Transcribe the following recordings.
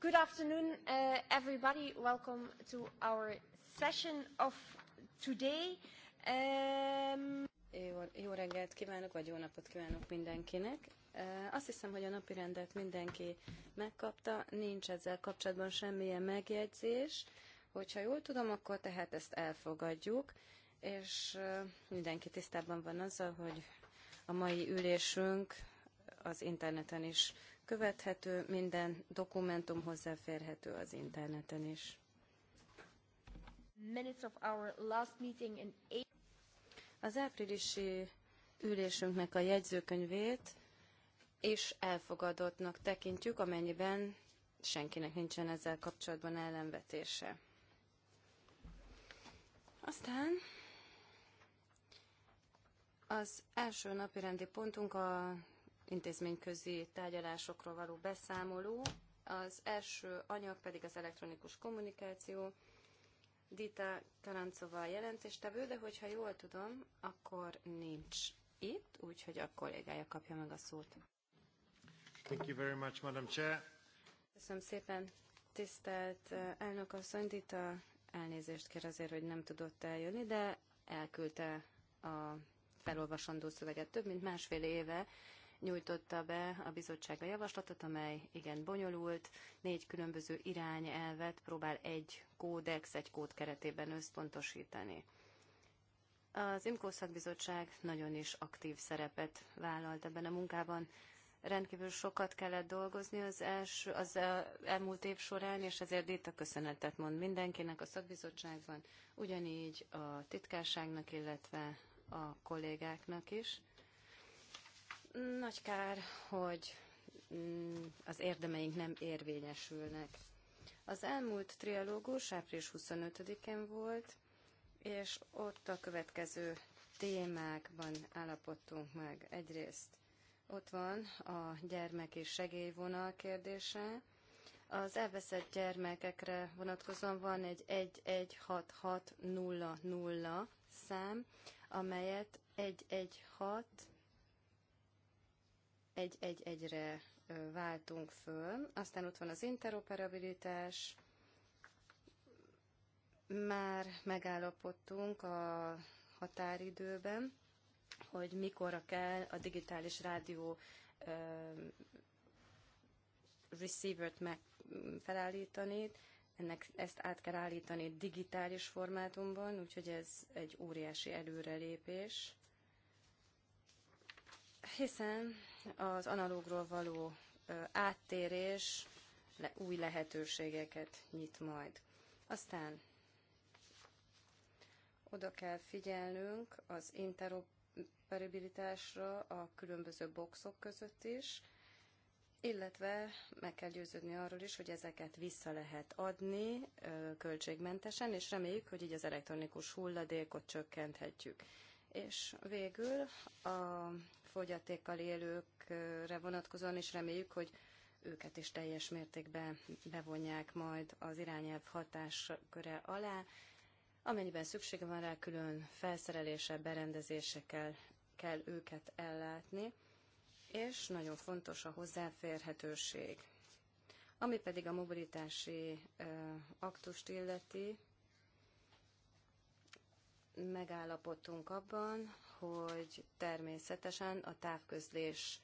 Good afternoon, uh, everybody. Welcome to our session of today. Um... Jó, jó reggelt kívánok, vagy jó napot kívánok mindenkinek. Uh, azt hiszem, hogy a napi rendet mindenki megkapta, nincs ezzel kapcsolatban semmilyen megjegyzés. Hogyha jól tudom, akkor tehát ezt elfogadjuk, és uh, mindenki tisztában van azzal, hogy a mai ülésünk az interneten is követhető, minden dokumentum hozzáférhető az interneten is. Az áprilisi ülésünknek a jegyzőkönyvét és elfogadottnak tekintjük, amennyiben senkinek nincsen ezzel kapcsolatban ellenvetése. Aztán az első napi rendi pontunk a intézményközi tárgyalásokról való beszámoló. Az első anyag pedig az elektronikus kommunikáció. Dita Karancova jelentéstevő, de hogyha jól tudom, akkor nincs itt, úgyhogy a kollégája kapja meg a szót. Thank you very much, Madam Chair. Köszönöm szépen, tisztelt eh, elnök asszony, Dita elnézést kér azért, hogy nem tudott eljönni, de elküldte a felolvasandó szöveget. Több mint másfél éve nyújtotta be a bizottság a javaslatot, amely igen bonyolult, négy különböző irányelvet próbál egy kódex, egy kód keretében összpontosítani. Az IMCO szakbizottság nagyon is aktív szerepet vállalt ebben a munkában. Rendkívül sokat kellett dolgozni az, első, az elmúlt év során, és ezért itt a köszönetet mond mindenkinek a szakbizottságban, ugyanígy a titkárságnak, illetve a kollégáknak is. Nagy kár, hogy mm, az érdemeink nem érvényesülnek. Az elmúlt trialógus április 25-én volt, és ott a következő témákban állapodtunk meg. Egyrészt ott van a gyermek és segélyvonal kérdése. Az elveszett gyermekekre vonatkozóan van egy 116600 szám, amelyet 116 egy-egy-egyre váltunk föl. Aztán ott van az interoperabilitás. Már megállapodtunk a határidőben, hogy mikorra kell a digitális rádió receivert t felállítani, ennek ezt át kell állítani digitális formátumban, úgyhogy ez egy óriási előrelépés hiszen az analógról való áttérés új lehetőségeket nyit majd. Aztán oda kell figyelnünk az interoperabilitásra a különböző boxok között is, illetve meg kell győződni arról is, hogy ezeket vissza lehet adni költségmentesen, és reméljük, hogy így az elektronikus hulladékot csökkenthetjük. És végül a fogyatékkal élőkre vonatkozóan, és reméljük, hogy őket is teljes mértékben bevonják majd az irányelv hatásköre alá. Amennyiben szüksége van rá, külön felszerelése, berendezésekkel kell őket ellátni, és nagyon fontos a hozzáférhetőség. Ami pedig a mobilitási aktust illeti, megállapodtunk abban, hogy természetesen a távközlés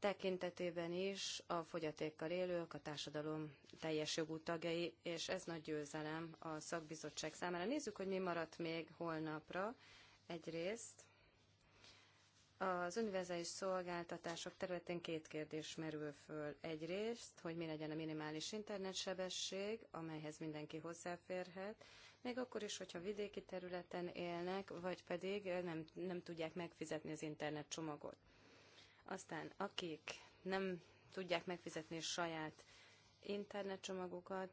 tekintetében is a fogyatékkal élők, a társadalom teljes jogú tagjai, és ez nagy győzelem a szakbizottság számára. Nézzük, hogy mi maradt még holnapra. Egyrészt az univerzális szolgáltatások területén két kérdés merül föl. Egyrészt, hogy mi legyen a minimális internetsebesség, amelyhez mindenki hozzáférhet, még akkor is, hogyha vidéki területen élnek, vagy pedig nem, nem tudják megfizetni az internet csomagot. Aztán akik nem tudják megfizetni saját internet csomagokat,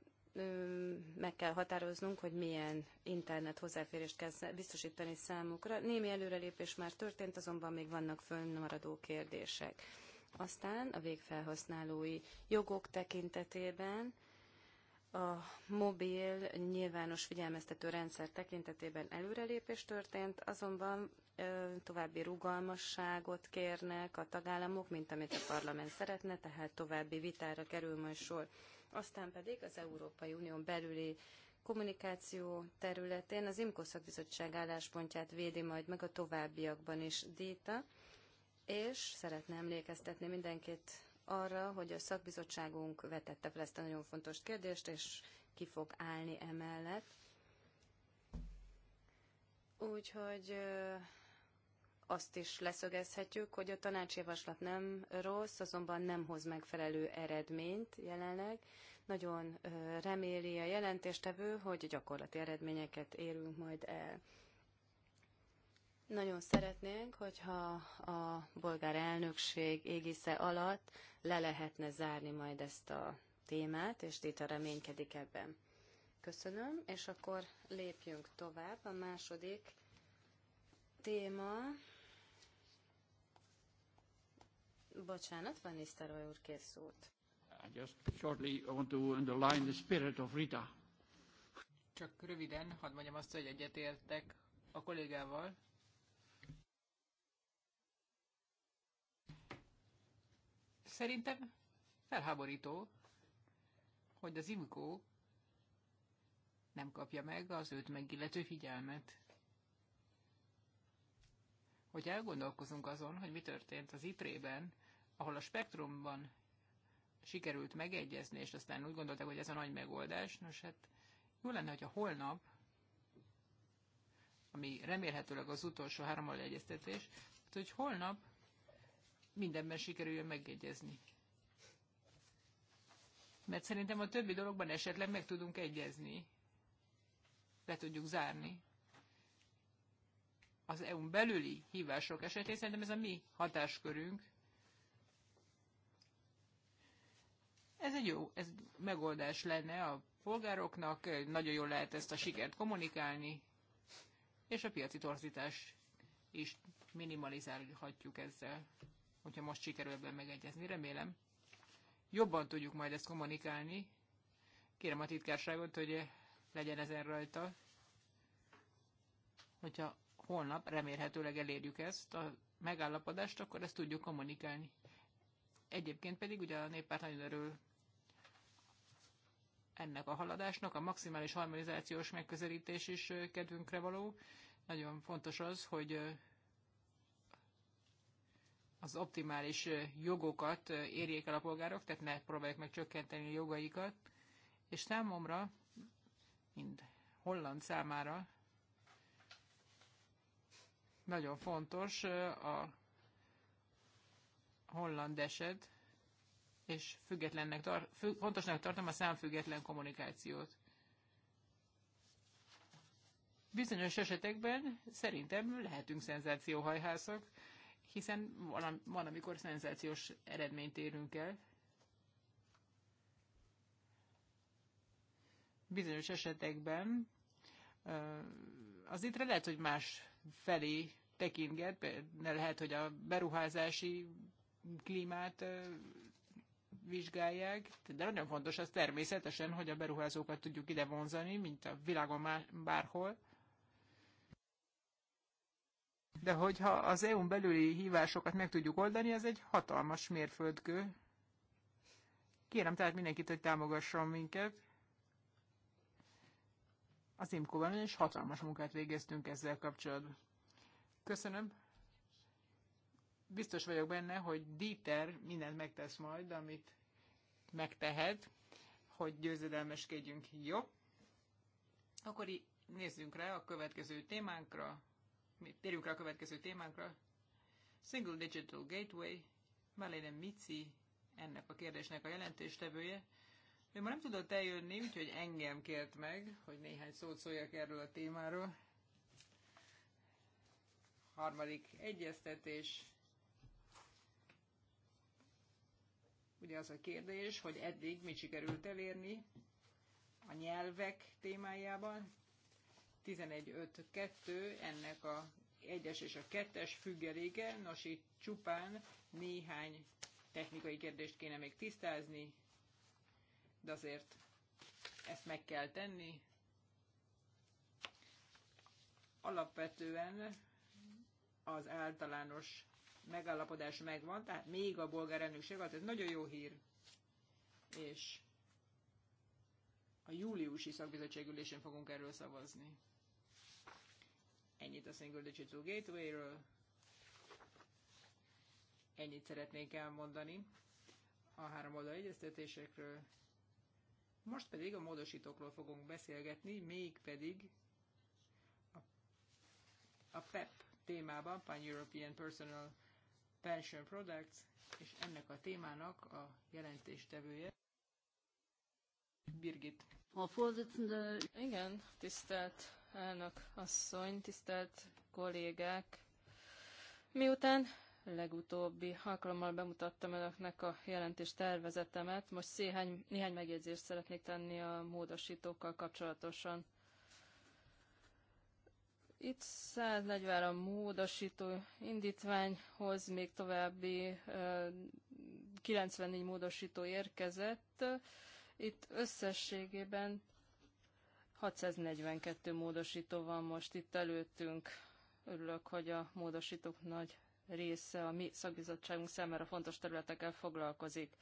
meg kell határoznunk, hogy milyen internet hozzáférést kell biztosítani számukra. Némi előrelépés már történt, azonban még vannak fönnmaradó kérdések. Aztán a végfelhasználói jogok tekintetében a mobil nyilvános figyelmeztető rendszer tekintetében előrelépés történt, azonban további rugalmasságot kérnek a tagállamok, mint amit a parlament szeretne, tehát további vitára kerül majd sor. Aztán pedig az Európai Unión belüli kommunikáció területén az IMCO szakbizottság álláspontját védi majd meg a továbbiakban is Dita, és szeretne emlékeztetni mindenkit arra, hogy a szakbizottságunk vetette fel ezt a nagyon fontos kérdést, és ki fog állni emellett. Úgyhogy azt is leszögezhetjük, hogy a tanácsjavaslat nem rossz, azonban nem hoz megfelelő eredményt jelenleg. Nagyon reméli a jelentéstevő, hogy gyakorlati eredményeket érünk majd el. Nagyon szeretnénk, hogyha a bolgár elnökség égisze alatt le lehetne zárni majd ezt a témát, és Dita reménykedik ebben. Köszönöm, és akkor lépjünk tovább. A második téma... Bocsánat, Van Nisztelrooy úr kér szót. I just shortly want to underline the spirit of Rita. Csak röviden, hadd mondjam azt, hogy egyetértek a kollégával, Szerintem felháborító, hogy az Imkó nem kapja meg az őt megillető figyelmet. Hogy elgondolkozunk azon, hogy mi történt az Iprében, ahol a spektrumban sikerült megegyezni, és aztán úgy gondolták, hogy ez a nagy megoldás, nos hát jó lenne, hogy a holnap, ami remélhetőleg az utolsó háromal egyeztetés, hát, hogy holnap mindenben sikerüljön megegyezni. Mert szerintem a többi dologban esetleg meg tudunk egyezni, le tudjuk zárni. Az EU-n belüli hívások esetén szerintem ez a mi hatáskörünk. Ez egy jó ez megoldás lenne a polgároknak, nagyon jól lehet ezt a sikert kommunikálni, és a piaci torzítás is minimalizálhatjuk ezzel hogyha most sikerül ebben megegyezni. Remélem, jobban tudjuk majd ezt kommunikálni. Kérem a titkárságot, hogy legyen ezen rajta, hogyha holnap remélhetőleg elérjük ezt a megállapodást, akkor ezt tudjuk kommunikálni. Egyébként pedig ugye a néppárt nagyon örül ennek a haladásnak, a maximális harmonizációs megközelítés is kedvünkre való. Nagyon fontos az, hogy az optimális jogokat érjék el a polgárok, tehát ne próbálják meg csökkenteni a jogaikat, és számomra, mind holland számára, nagyon fontos a holland eset, és függetlennek tar- fü- fontosnak tartom a számfüggetlen kommunikációt. Bizonyos esetekben szerintem lehetünk szenzációhajhászak, hiszen van, van amikor szenzációs eredményt érünk el. Bizonyos esetekben az itt lehet, hogy más felé tekintget, lehet, hogy a beruházási klímát vizsgálják, de nagyon fontos az természetesen, hogy a beruházókat tudjuk ide vonzani, mint a világon bárhol de hogyha az EU-n belüli hívásokat meg tudjuk oldani, ez egy hatalmas mérföldkő. Kérem tehát mindenkit, hogy támogasson minket. Az IMCO-ban is hatalmas munkát végeztünk ezzel kapcsolatban. Köszönöm. Biztos vagyok benne, hogy Dieter mindent megtesz majd, amit megtehet, hogy győzedelmeskedjünk. Jó? Akkor nézzünk rá a következő témánkra térjünk rá a következő témánkra. Single Digital Gateway, Melanie Mici ennek a kérdésnek a jelentéstevője. Ő ma nem tudott eljönni, úgyhogy engem kért meg, hogy néhány szót szóljak erről a témáról. Harmadik egyeztetés. Ugye az a kérdés, hogy eddig mit sikerült elérni a nyelvek témájában, 11.5.2, ennek a 1-es és a 2-es nos itt csupán néhány technikai kérdést kéne még tisztázni, de azért ezt meg kell tenni. Alapvetően az általános megállapodás megvan, tehát még a bolgár elnökség alatt, ez nagyon jó hír. És a júliusi szakbizottságülésén fogunk erről szavazni. Ennyit a Single Digital Gateway-ről. Ennyit szeretnék elmondani a három oldal egyeztetésekről. Most pedig a módosítókról fogunk beszélgetni, mégpedig a, a PEP e témában, Pan-European Personal Pension Products, és ennek a témának a jelentéstevője. Birgit. A Igen, tisztelt elnök asszony, tisztelt kollégák! Miután legutóbbi alkalommal bemutattam önöknek a jelentés tervezetemet, most széhány, néhány megjegyzést szeretnék tenni a módosítókkal kapcsolatosan. Itt a módosító indítványhoz még további 94 módosító érkezett. Itt összességében 642 módosító van most itt előttünk. Örülök, hogy a módosítók nagy része a mi szakbizottságunk számára fontos területekkel foglalkozik.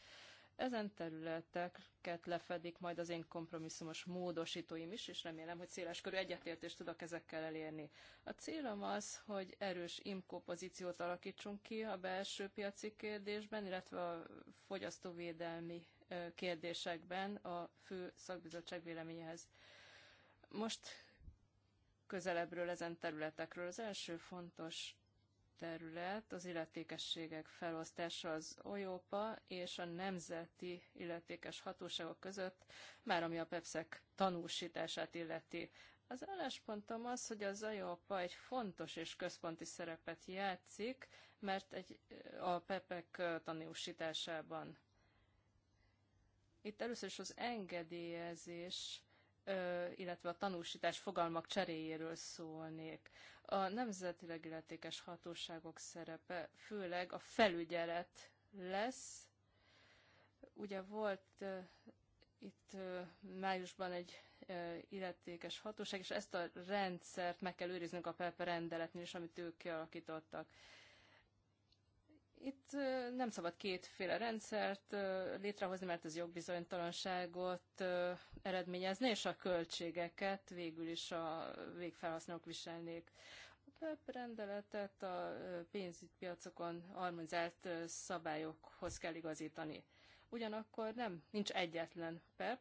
Ezen területeket lefedik majd az én kompromisszumos módosítóim is, és remélem, hogy körű egyetértést tudok ezekkel elérni. A célom az, hogy erős imkó pozíciót alakítsunk ki a belső piaci kérdésben, illetve a fogyasztóvédelmi kérdésekben a fő szakbizottság véleményehez. Most közelebbről ezen területekről. Az első fontos terület az illetékességek felosztása az OJOPA és a nemzeti illetékes hatóságok között, már ami a PEPSZEK tanúsítását illeti. Az álláspontom az, hogy az OJOPA egy fontos és központi szerepet játszik, mert egy, a PEPEK tanúsításában. Itt először is az engedélyezés illetve a tanúsítás fogalmak cseréjéről szólnék. A nemzetileg illetékes hatóságok szerepe főleg a felügyelet lesz. Ugye volt itt májusban egy illetékes hatóság, és ezt a rendszert meg kell őriznünk a PEP rendeletnél is, amit ők kialakítottak. Itt nem szabad kétféle rendszert létrehozni, mert ez jogbizonytalanságot eredményezne, és a költségeket végül is a végfelhasználók viselnék. A PEP rendeletet a pénzügypiacokon harmonizált szabályokhoz kell igazítani. Ugyanakkor nem, nincs egyetlen PEP,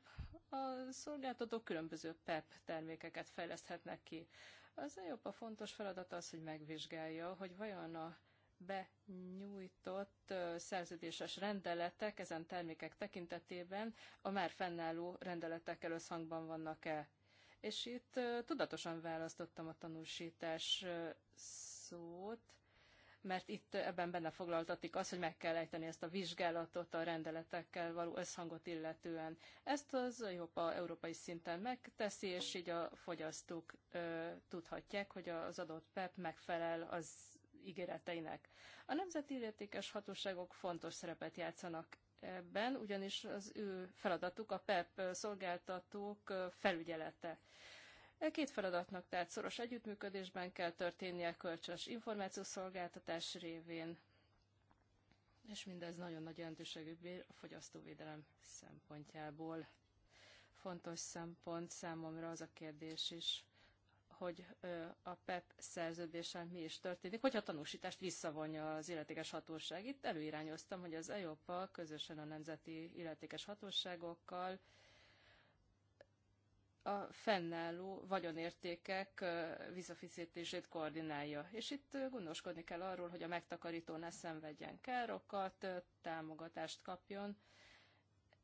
a szolgáltatók különböző PEP termékeket fejleszthetnek ki. Az a jobb a fontos feladat az, hogy megvizsgálja, hogy vajon a benyújtott szerződéses rendeletek ezen termékek tekintetében a már fennálló rendeletekkel összhangban vannak-e. És itt tudatosan választottam a tanúsítás szót, mert itt ebben benne foglaltatik az, hogy meg kell ejteni ezt a vizsgálatot a rendeletekkel való összhangot illetően. Ezt az Európa európai szinten megteszi, és így a fogyasztók ö, tudhatják, hogy az adott PEP megfelel az ígéreteinek. A nemzeti illetékes hatóságok fontos szerepet játszanak ebben, ugyanis az ő feladatuk a PEP szolgáltatók felügyelete. E két feladatnak tehát szoros együttműködésben kell történnie a kölcsös információszolgáltatás révén, és mindez nagyon nagy jelentőségű bír a fogyasztóvédelem szempontjából. Fontos szempont számomra az a kérdés is, hogy a PEP e szerződéssel mi is történik, hogyha a tanúsítást visszavonja az illetékes hatóság. Itt előirányoztam, hogy az EOPA közösen a nemzeti illetékes hatóságokkal a fennálló vagyonértékek visszafizetését koordinálja. És itt gondoskodni kell arról, hogy a megtakarító ne szenvedjen károkat, támogatást kapjon,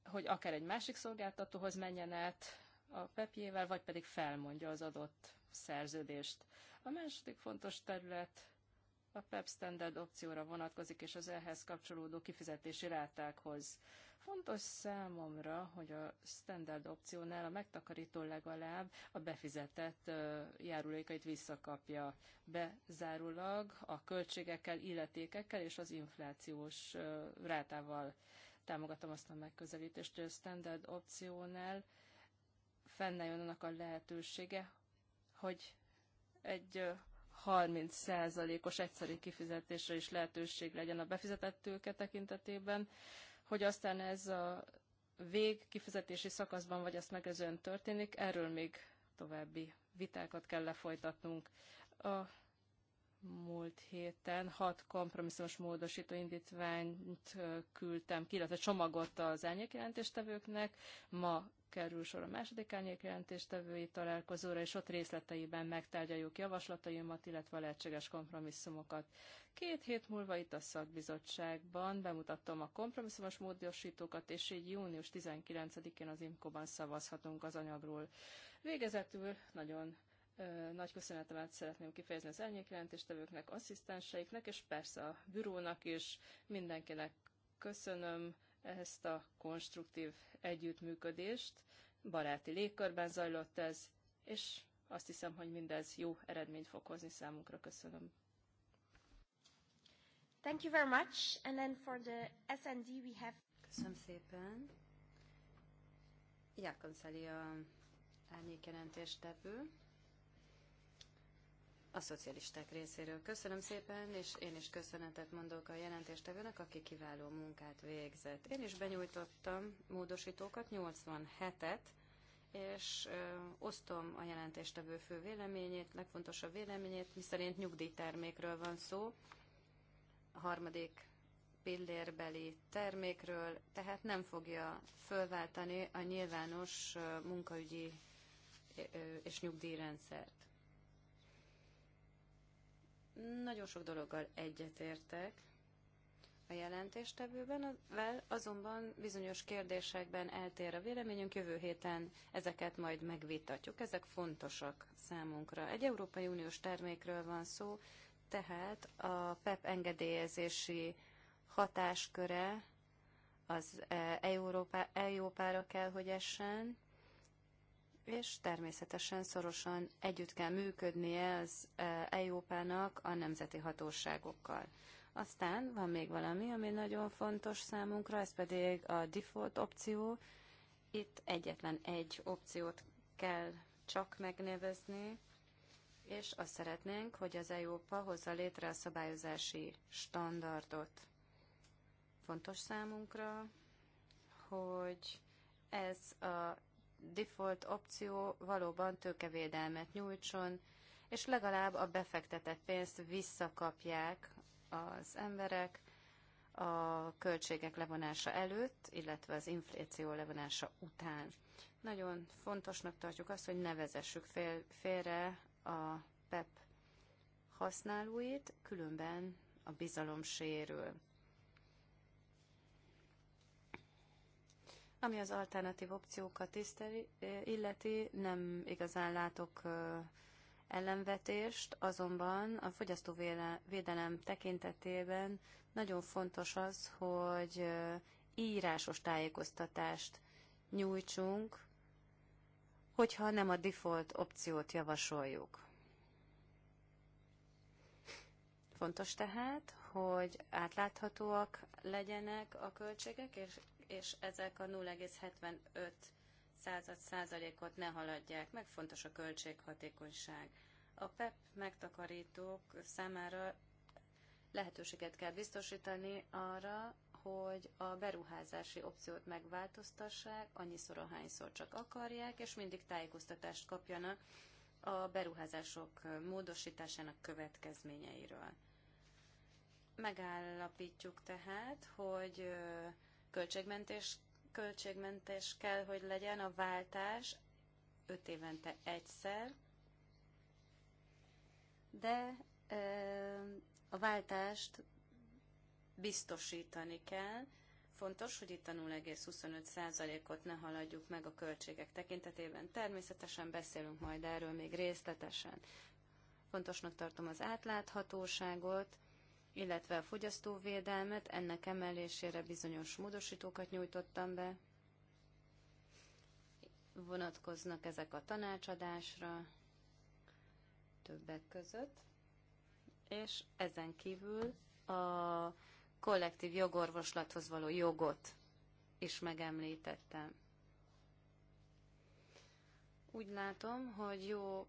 hogy akár egy másik szolgáltatóhoz menjen át, a pepjével, vagy pedig felmondja az adott szerződést. A második fontos terület a PEP e standard opcióra vonatkozik, és az ehhez kapcsolódó kifizetési rátákhoz. Fontos számomra, hogy a standard opciónál a megtakarító legalább a befizetett járulékait visszakapja bezárulag a költségekkel, illetékekkel és az inflációs rátával. Támogatom azt a megközelítést, hogy a standard opciónál fennálljon annak a lehetősége, hogy egy 30%-os egyszerű kifizetésre is lehetőség legyen a befizetett tőke tekintetében, hogy aztán ez a vég kifizetési szakaszban, vagy ezt megezően történik, erről még további vitákat kell lefolytatnunk. A múlt héten hat kompromisszumos módosító indítványt küldtem ki, illetve csomagot az jelentéstevőknek. Ma kerül sor a második árnyék jelentéstevői találkozóra, és ott részleteiben megtárgyaljuk javaslataimat, illetve a lehetséges kompromisszumokat. Két hét múlva itt a szakbizottságban bemutattam a kompromisszumos módosítókat, és így június 19-én az IMKO-ban szavazhatunk az anyagról. Végezetül nagyon nagy köszönetemet szeretném kifejezni az elnyékjelentéstevőknek, asszisztenseiknek, és persze a bürónak is, mindenkinek köszönöm ezt a konstruktív együttműködést. Baráti légkörben zajlott ez, és azt hiszem, hogy mindez jó eredményt fog hozni számunkra. Köszönöm. Thank you very much. And then for the SND we have... Köszönöm szépen. Szeli a tevő a szocialisták részéről. Köszönöm szépen, és én is köszönetet mondok a jelentéstevőnek, aki kiváló munkát végzett. Én is benyújtottam módosítókat, 87-et, és ö, osztom a jelentéstevő fő véleményét, legfontosabb véleményét, miszerint nyugdíjtermékről van szó, a harmadik pillérbeli termékről, tehát nem fogja fölváltani a nyilvános munkaügyi és nyugdíjrendszert. Nagyon sok dologgal egyetértek a jelentéstevőben, azonban bizonyos kérdésekben eltér a véleményünk, jövő héten ezeket majd megvitatjuk. Ezek fontosak számunkra. Egy Európai Uniós termékről van szó, tehát a PEP engedélyezési hatásköre az e, Európára kell, hogy essen, és természetesen szorosan együtt kell működnie az EIOPA-nak e a nemzeti hatóságokkal. Aztán van még valami, ami nagyon fontos számunkra, ez pedig a default opció. Itt egyetlen egy opciót kell csak megnevezni, és azt szeretnénk, hogy az EIOPA hozza létre a szabályozási standardot. Fontos számunkra, hogy ez a default opció valóban tőkevédelmet nyújtson, és legalább a befektetett pénzt visszakapják az emberek a költségek levonása előtt, illetve az infláció levonása után. Nagyon fontosnak tartjuk azt, hogy ne vezessük fél, félre a PEP használóit, különben a bizalom sérül. Ami az alternatív opciókat tiszteli, illeti, nem igazán látok ellenvetést, azonban a fogyasztóvédelem tekintetében nagyon fontos az, hogy írásos tájékoztatást nyújtsunk, hogyha nem a default opciót javasoljuk. Fontos tehát, hogy átláthatóak legyenek a költségek, és és ezek a 0,75 század százalékot ne haladják, meg fontos a költséghatékonyság. A PEP e megtakarítók számára lehetőséget kell biztosítani arra, hogy a beruházási opciót megváltoztassák, annyiszor, ahányszor csak akarják, és mindig tájékoztatást kapjanak a beruházások módosításának következményeiről. Megállapítjuk tehát, hogy Költségmentés, költségmentés kell, hogy legyen a váltás 5 évente egyszer, de a váltást biztosítani kell. Fontos, hogy itt a 0,25%-ot ne haladjuk meg a költségek tekintetében. Természetesen beszélünk majd erről még részletesen. Fontosnak tartom az átláthatóságot, illetve a fogyasztóvédelmet, ennek emelésére bizonyos módosítókat nyújtottam be. Vonatkoznak ezek a tanácsadásra többek között, és ezen kívül a kollektív jogorvoslathoz való jogot is megemlítettem. Úgy látom, hogy jó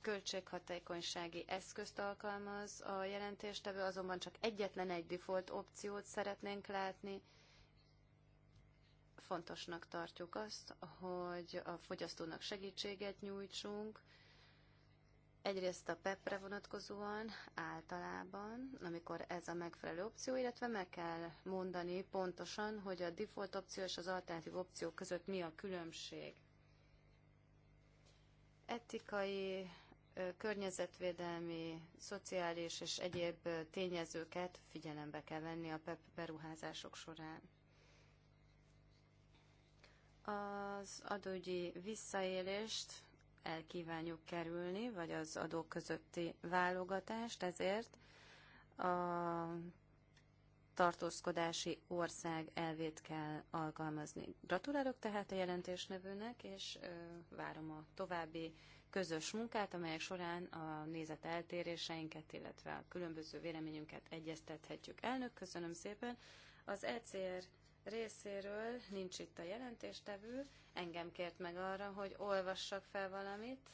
költséghatékonysági eszközt alkalmaz a jelentéstevő, azonban csak egyetlen egy default opciót szeretnénk látni. Fontosnak tartjuk azt, hogy a fogyasztónak segítséget nyújtsunk, Egyrészt a PEP-re vonatkozóan általában, amikor ez a megfelelő opció, illetve meg kell mondani pontosan, hogy a default opció és az alternatív opció között mi a különbség. Etikai környezetvédelmi, szociális és egyéb tényezőket figyelembe kell venni a beruházások során. Az adógyi visszaélést el kívánjuk kerülni, vagy az adók közötti válogatást, ezért a tartózkodási ország elvét kell alkalmazni. Gratulálok tehát a jelentésnevőnek, és várom a további közös munkát, amelyek során a nézet eltéréseinket, illetve a különböző véleményünket egyeztethetjük. Elnök, köszönöm szépen. Az ECR részéről nincs itt a jelentéstevő, engem kért meg arra, hogy olvassak fel valamit.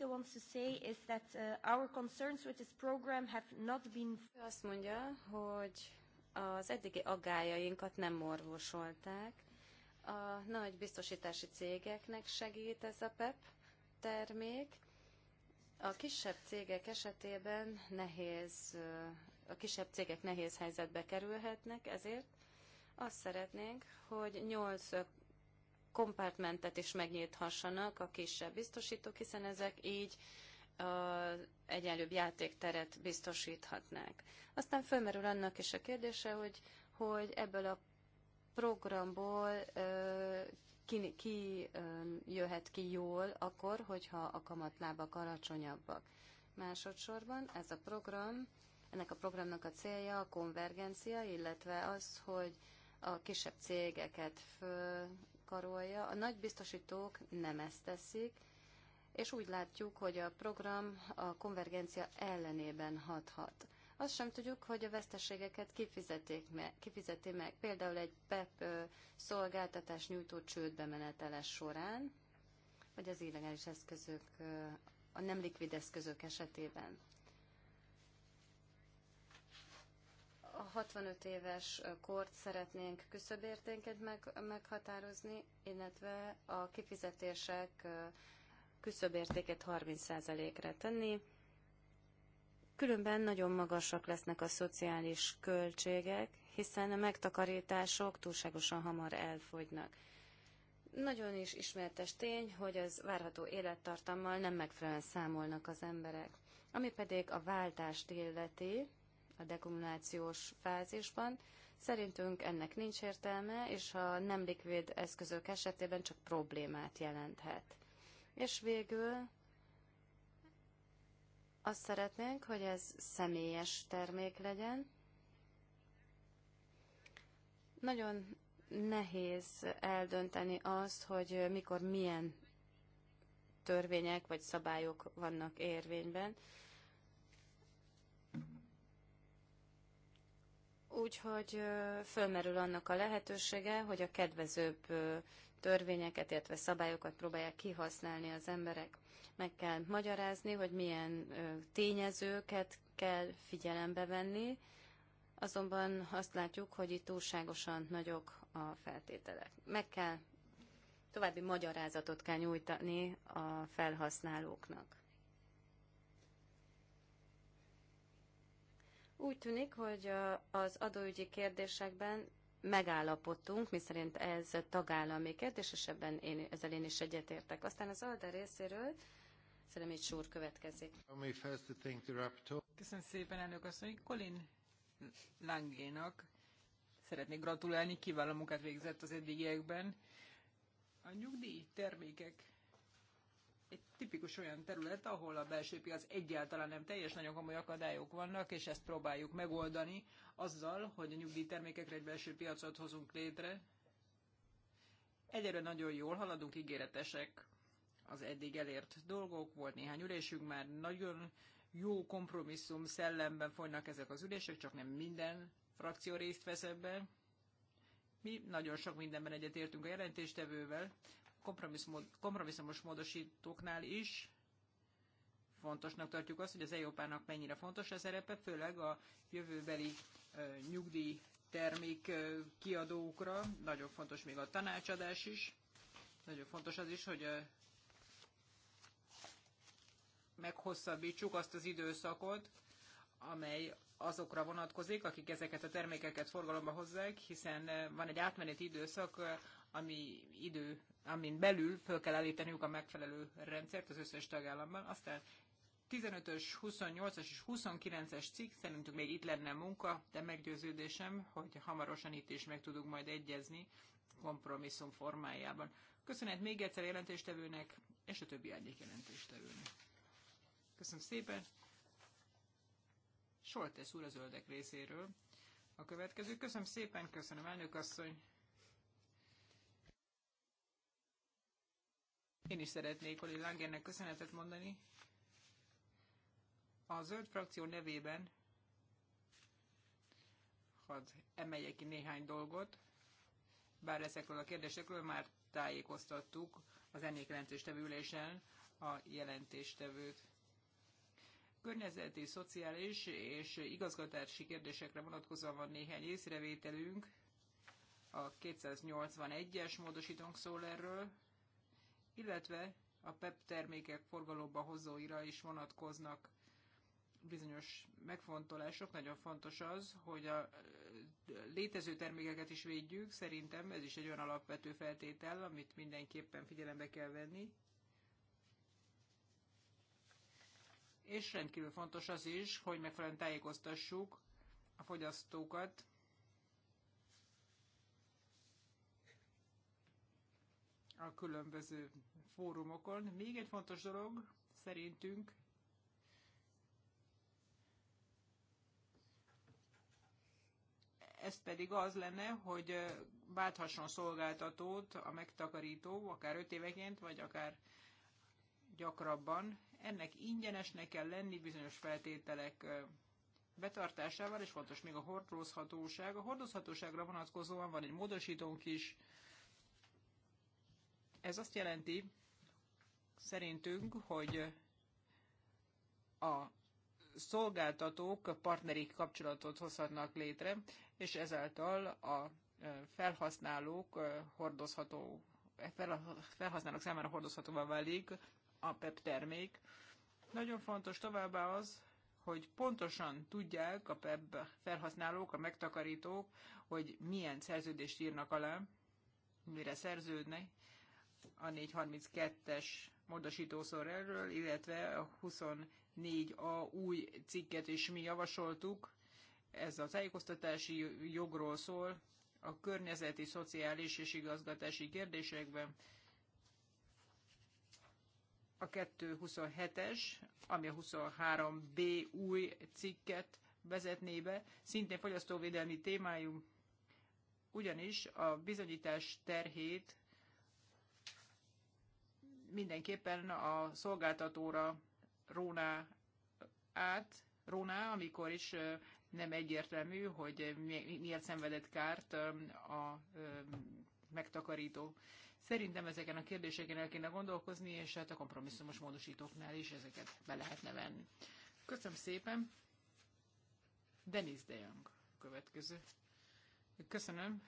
wants to say is that uh, our concerns with this program have not been... Azt mondja, hogy az eddigi aggájainkat nem orvosolták, a nagy biztosítási cégeknek segít ez a PEP termék. A kisebb cégek esetében nehéz, a kisebb cégek nehéz helyzetbe kerülhetnek, ezért azt szeretnénk, hogy nyolc kompartmentet is megnyithassanak a kisebb biztosítók, hiszen ezek így uh, egyenlőbb játékteret biztosíthatnák. Aztán fölmerül annak is a kérdése, hogy, hogy ebből a programból ki, ki jöhet ki jól akkor, hogyha a kamatlábak alacsonyabbak. Másodszorban ez a program, ennek a programnak a célja a konvergencia, illetve az, hogy a kisebb cégeket fölkarolja. A nagy biztosítók nem ezt teszik, és úgy látjuk, hogy a program a konvergencia ellenében hathat. Azt sem tudjuk, hogy a veszteségeket kifizetik meg, kifizeti meg. Például egy PEP szolgáltatás nyújtó csődbe menetele során, vagy az illegális eszközök, a nem likvid eszközök esetében. A 65 éves kort szeretnénk küszöbértéket meg, meghatározni, illetve a kifizetések küszöbértéket 30%-ra tenni. Különben nagyon magasak lesznek a szociális költségek, hiszen a megtakarítások túlságosan hamar elfogynak. Nagyon is ismertes tény, hogy az várható élettartammal nem megfelelően számolnak az emberek. Ami pedig a váltást illeti, a dekumulációs fázisban, szerintünk ennek nincs értelme, és a nem likvid eszközök esetében csak problémát jelenthet. És végül azt szeretnénk, hogy ez személyes termék legyen. Nagyon nehéz eldönteni azt, hogy mikor milyen törvények vagy szabályok vannak érvényben. Úgyhogy fölmerül annak a lehetősége, hogy a kedvezőbb törvényeket, illetve szabályokat próbálják kihasználni az emberek meg kell magyarázni, hogy milyen tényezőket kell figyelembe venni, azonban azt látjuk, hogy itt túlságosan nagyok a feltételek. Meg kell további magyarázatot kell nyújtani a felhasználóknak. Úgy tűnik, hogy az adóügyi kérdésekben megállapodtunk, miszerint ez tagállami kérdés, és ebben én, ezzel én is egyetértek. Aztán az Alda részéről Szeremics sor következik. Köszönöm szépen, elnök asszony. Colin Langénak szeretnék gratulálni, kiváló munkát végzett az eddigiekben. A nyugdíj termékek egy tipikus olyan terület, ahol a belső piac egyáltalán nem teljes, nagyon komoly akadályok vannak, és ezt próbáljuk megoldani azzal, hogy a nyugdíjtermékekre egy belső piacot hozunk létre. Egyre nagyon jól haladunk, ígéretesek az eddig elért dolgok, volt néhány ülésünk, már nagyon jó kompromisszum szellemben folynak ezek az ülések, csak nem minden frakció részt vesz ebben. Mi nagyon sok mindenben egyetértünk a jelentéstevővel, kompromisszumos módosítóknál is fontosnak tartjuk azt, hogy az EOPA-nak mennyire fontos a szerepe, főleg a jövőbeli ö, nyugdíj termék ö, kiadókra. Nagyon fontos még a tanácsadás is. Nagyon fontos az is, hogy a meghosszabbítsuk azt az időszakot, amely azokra vonatkozik, akik ezeket a termékeket forgalomba hozzák, hiszen eh, van egy átmeneti időszak, eh, ami idő, amin belül föl kell állítaniuk a megfelelő rendszert az összes tagállamban. Aztán 15-ös, 28-as és 29-es cikk, szerintünk még itt lenne munka, de meggyőződésem, hogy hamarosan itt is meg tudunk majd egyezni kompromisszum formájában. Köszönet még egyszer jelentéstevőnek és a többi egyik jelentéstevőnek. Köszönöm szépen. Soltes úr a zöldek részéről. A következő. Köszönöm szépen, köszönöm elnök asszony. Én is szeretnék Oli Langernek köszönetet mondani. A zöld frakció nevében hadd emeljek ki néhány dolgot, bár ezekről a kérdésekről már tájékoztattuk az ennék jelentéstevő a jelentéstevőt környezeti, szociális és igazgatási kérdésekre vonatkozóan van néhány észrevételünk. A 281-es módosítónk szól erről, illetve a PEP e termékek forgalomba hozóira is vonatkoznak bizonyos megfontolások. Nagyon fontos az, hogy a létező termékeket is védjük. Szerintem ez is egy olyan alapvető feltétel, amit mindenképpen figyelembe kell venni. és rendkívül fontos az is, hogy megfelelően tájékoztassuk a fogyasztókat a különböző fórumokon. Még egy fontos dolog szerintünk ez pedig az lenne, hogy válthasson szolgáltatót a megtakarító, akár öt éveként, vagy akár gyakrabban, ennek ingyenesnek kell lenni bizonyos feltételek betartásával, és fontos még a hordozhatóság. A hordozhatóságra vonatkozóan van egy módosítónk is. Ez azt jelenti, szerintünk, hogy a szolgáltatók partneri kapcsolatot hozhatnak létre, és ezáltal a felhasználók hordozható felhasználók számára hordozhatóvá válik a PEP termék. Nagyon fontos továbbá az, hogy pontosan tudják a PEP felhasználók, a megtakarítók, hogy milyen szerződést írnak alá, mire szerződnek. A 432-es módosítószor erről, illetve a 24a új cikket is mi javasoltuk. Ez a tájékoztatási jogról szól, a környezeti, szociális és igazgatási kérdésekben, a 227-es, ami a 23B új cikket vezetné be, szintén fogyasztóvédelmi témájú, ugyanis a bizonyítás terhét mindenképpen a szolgáltatóra róná át, róná, amikor is nem egyértelmű, hogy miért szenvedett kárt a megtakarító. Szerintem ezeken a kérdéseken el kéne gondolkozni, és hát a kompromisszumos módosítóknál is ezeket be lehetne venni. Köszönöm szépen. Denis de Jong következő. Köszönöm.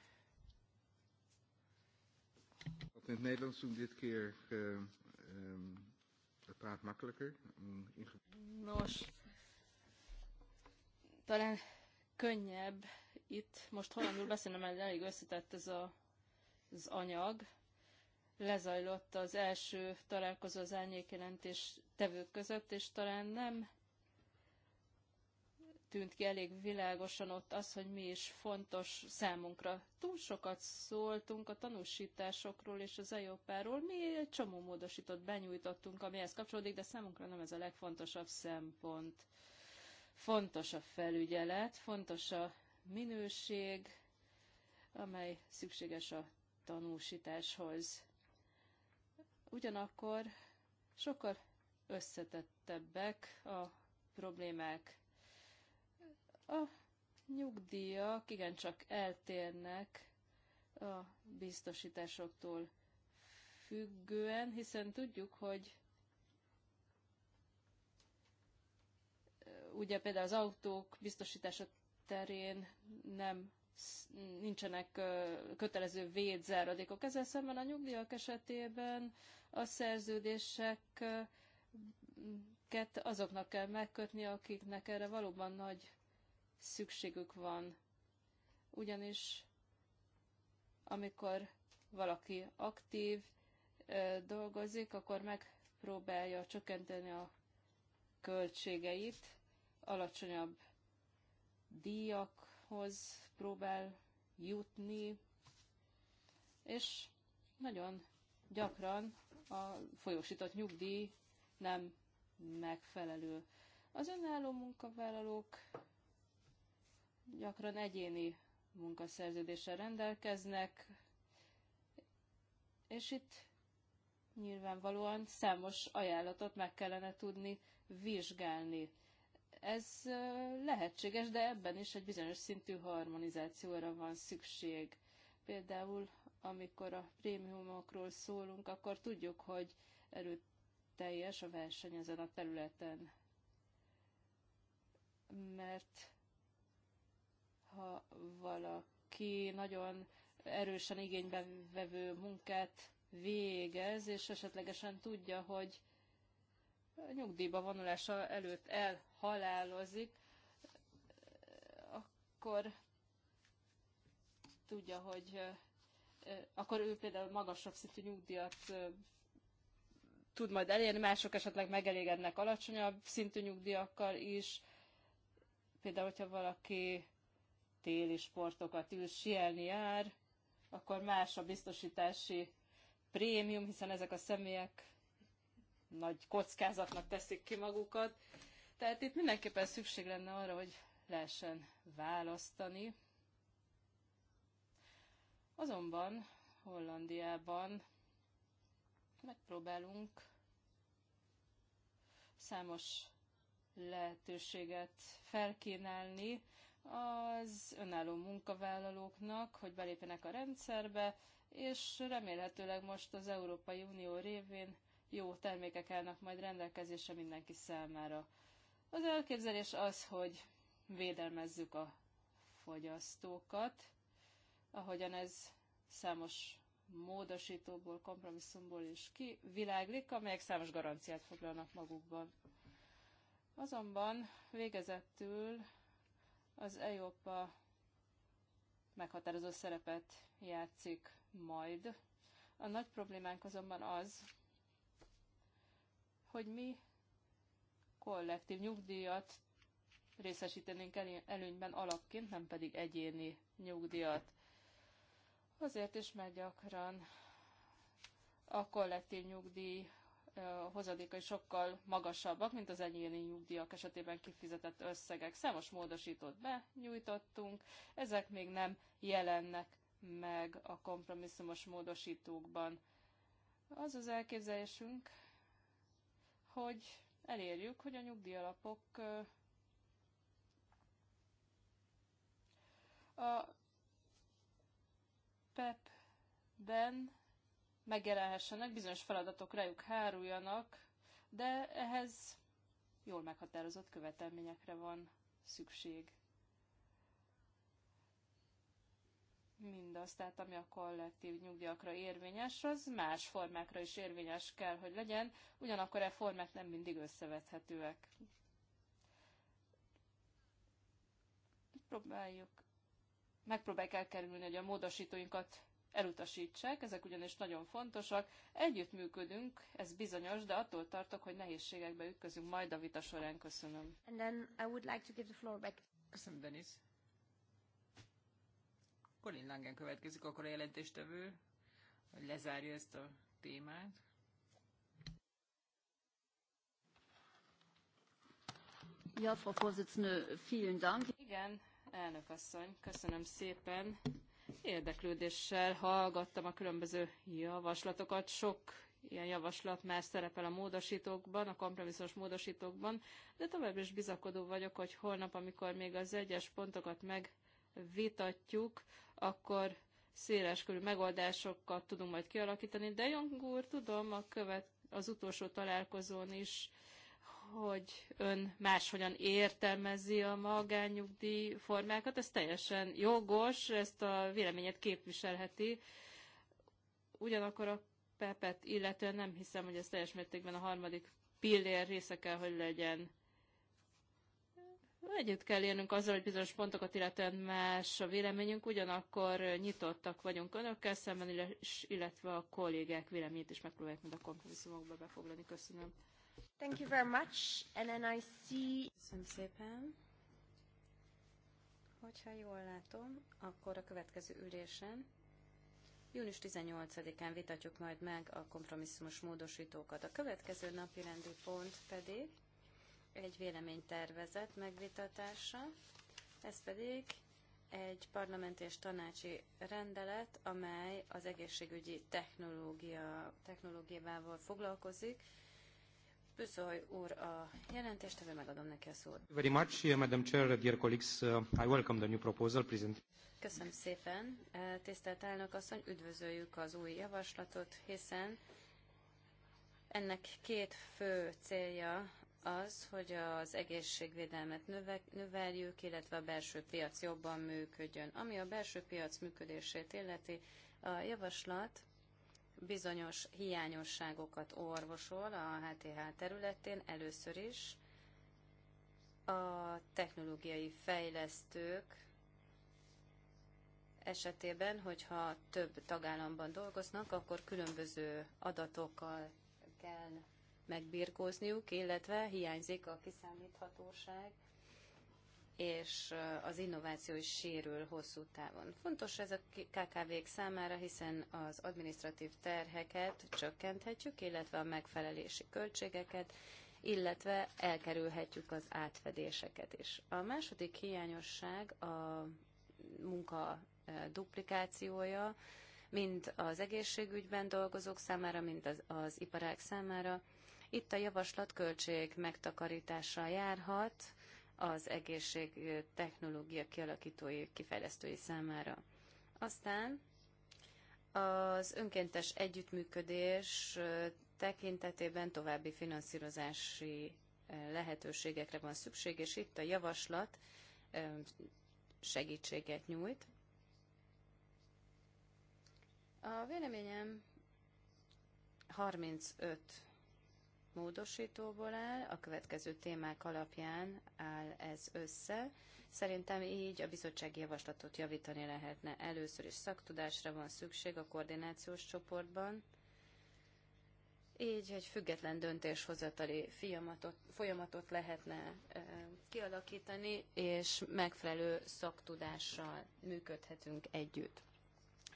Wat in het Nederlands doen dit keer uh, um, het praat makkelijker. Nos, talán könnyebb itt most hollandul beszélnem, mert elég összetett ez a, az anyag lezajlott az első találkozó az árnyékjelentés tevők között, és talán nem tűnt ki elég világosan ott az, hogy mi is fontos számunkra. Túl sokat szóltunk a tanúsításokról és az EIOPáról, mi egy csomó módosított benyújtottunk, amihez kapcsolódik, de számunkra nem ez a legfontosabb szempont. Fontos a felügyelet, fontos a minőség, amely szükséges a tanúsításhoz. Ugyanakkor sokkal összetettebbek a problémák. A nyugdíjak igencsak eltérnek a biztosításoktól függően, hiszen tudjuk, hogy ugye például az autók biztosítása terén nem nincsenek kötelező védzáradékok. Ezzel szemben a nyugdíjak esetében a szerződéseket azoknak kell megkötni, akiknek erre valóban nagy szükségük van. Ugyanis amikor valaki aktív dolgozik, akkor megpróbálja csökkenteni a költségeit, alacsonyabb díjak célhoz próbál jutni, és nagyon gyakran a folyósított nyugdíj nem megfelelő. Az önálló munkavállalók gyakran egyéni munkaszerződéssel rendelkeznek, és itt nyilvánvalóan számos ajánlatot meg kellene tudni vizsgálni. Ez lehetséges, de ebben is egy bizonyos szintű harmonizációra van szükség. Például, amikor a prémiumokról szólunk, akkor tudjuk, hogy erőteljes a verseny ezen a területen. Mert ha valaki nagyon erősen igénybe vevő munkát végez, és esetlegesen tudja, hogy nyugdíjba vonulása előtt elhalálozik, akkor tudja, hogy akkor ő például magasabb szintű nyugdíjat tud majd elérni, mások esetleg megelégednek alacsonyabb szintű nyugdíjakkal is. Például, hogyha valaki téli sportokat ül, sielni jár, akkor más a biztosítási prémium, hiszen ezek a személyek nagy kockázatnak teszik ki magukat. Tehát itt mindenképpen szükség lenne arra, hogy lehessen választani. Azonban Hollandiában megpróbálunk számos lehetőséget felkínálni az önálló munkavállalóknak, hogy belépjenek a rendszerbe, és remélhetőleg most az Európai Unió révén jó termékek állnak majd rendelkezésre mindenki számára. Az elképzelés az, hogy védelmezzük a fogyasztókat, ahogyan ez számos módosítóból, kompromisszumból is kiviláglik, amelyek számos garanciát foglalnak magukban. Azonban végezettül az EIOPA meghatározó szerepet játszik majd. A nagy problémánk azonban az, hogy mi kollektív nyugdíjat részesítenénk előnyben alapként, nem pedig egyéni nyugdíjat. Azért is, mert gyakran a kollektív nyugdíj hozadékai sokkal magasabbak, mint az egyéni nyugdíjak esetében kifizetett összegek. Számos módosítót benyújtottunk, ezek még nem jelennek meg a kompromisszumos módosítókban. Az az elképzelésünk, hogy elérjük, hogy a nyugdíjalapok a PEP-ben megjelenhessenek, bizonyos feladatok rájuk háruljanak, de ehhez jól meghatározott követelményekre van szükség. mindaz, tehát ami a kollektív nyugdíjakra érvényes, az más formákra is érvényes kell, hogy legyen, ugyanakkor e formák nem mindig összevethetőek. Próbáljuk, megpróbáljuk elkerülni, hogy a módosítóinkat elutasítsák, ezek ugyanis nagyon fontosak. Együttműködünk, ez bizonyos, de attól tartok, hogy nehézségekbe ütközünk majd a vita során. Köszönöm. And then I would like to give the floor back. Köszönöm, Denis. Colin Langen következik, akkor a jelentéstevő, hogy lezárja ezt a témát. Ja, Frau Vorsitzende, vielen Dank. Igen, elnök asszony, köszönöm szépen. Érdeklődéssel hallgattam a különböző javaslatokat. Sok ilyen javaslat már szerepel a módosítókban, a kompromisszós módosítókban, de tovább is bizakodó vagyok, hogy holnap, amikor még az egyes pontokat megvitatjuk, akkor széles körű megoldásokat tudunk majd kialakítani. De Jong úr, tudom, a követ, az utolsó találkozón is hogy ön máshogyan értelmezi a magányugdíj formákat, ez teljesen jogos, ezt a véleményet képviselheti. Ugyanakkor a Pepet illetően nem hiszem, hogy ez teljes mértékben a harmadik pillér része kell, hogy legyen. Együtt kell élnünk azzal, hogy bizonyos pontokat illetően más a véleményünk, ugyanakkor nyitottak vagyunk önökkel szemben, illetve a kollégák véleményét is megpróbáljuk mind a kompromisszumokba befoglalni. Köszönöm. Thank you very much, and then I see... Köszönöm szépen. Hogyha jól látom, akkor a következő ülésen Június 18-án vitatjuk majd meg a kompromisszumos módosítókat. A következő napi rendű pont pedig egy véleménytervezet megvitatása, ez pedig egy parlament és tanácsi rendelet, amely az egészségügyi technológia, technológiával foglalkozik. Büszoly úr a jelentést, tevő megadom neki a szót. Very much, Madam Chair, dear colleagues, uh, I welcome the new proposal present. Köszönöm szépen, uh, tisztelt elnök asszony, üdvözöljük az új javaslatot, hiszen ennek két fő célja az, hogy az egészségvédelmet növeljük, illetve a belső piac jobban működjön. Ami a belső piac működését illeti, a javaslat bizonyos hiányosságokat orvosol a HTH területén először is. A technológiai fejlesztők esetében, hogyha több tagállamban dolgoznak, akkor különböző adatokkal kell megbirkózniuk, illetve hiányzik a kiszámíthatóság, és az innováció is sérül hosszú távon. Fontos ez a KKV-k számára, hiszen az administratív terheket csökkenthetjük, illetve a megfelelési költségeket, illetve elkerülhetjük az átfedéseket is. A második hiányosság a munka duplikációja, mind az egészségügyben dolgozók számára, mind az, az iparák számára, itt a javaslat költség megtakarítással járhat az egészség technológia kialakítói, kifejlesztői számára. Aztán az önkéntes együttműködés tekintetében további finanszírozási lehetőségekre van szükség, és itt a javaslat segítséget nyújt. A véleményem 35 módosítóból áll, a következő témák alapján áll ez össze. Szerintem így a bizottsági javaslatot javítani lehetne. Először is szaktudásra van szükség a koordinációs csoportban. Így egy független döntéshozatali folyamatot, folyamatot lehetne e, kialakítani, és megfelelő szaktudással működhetünk együtt.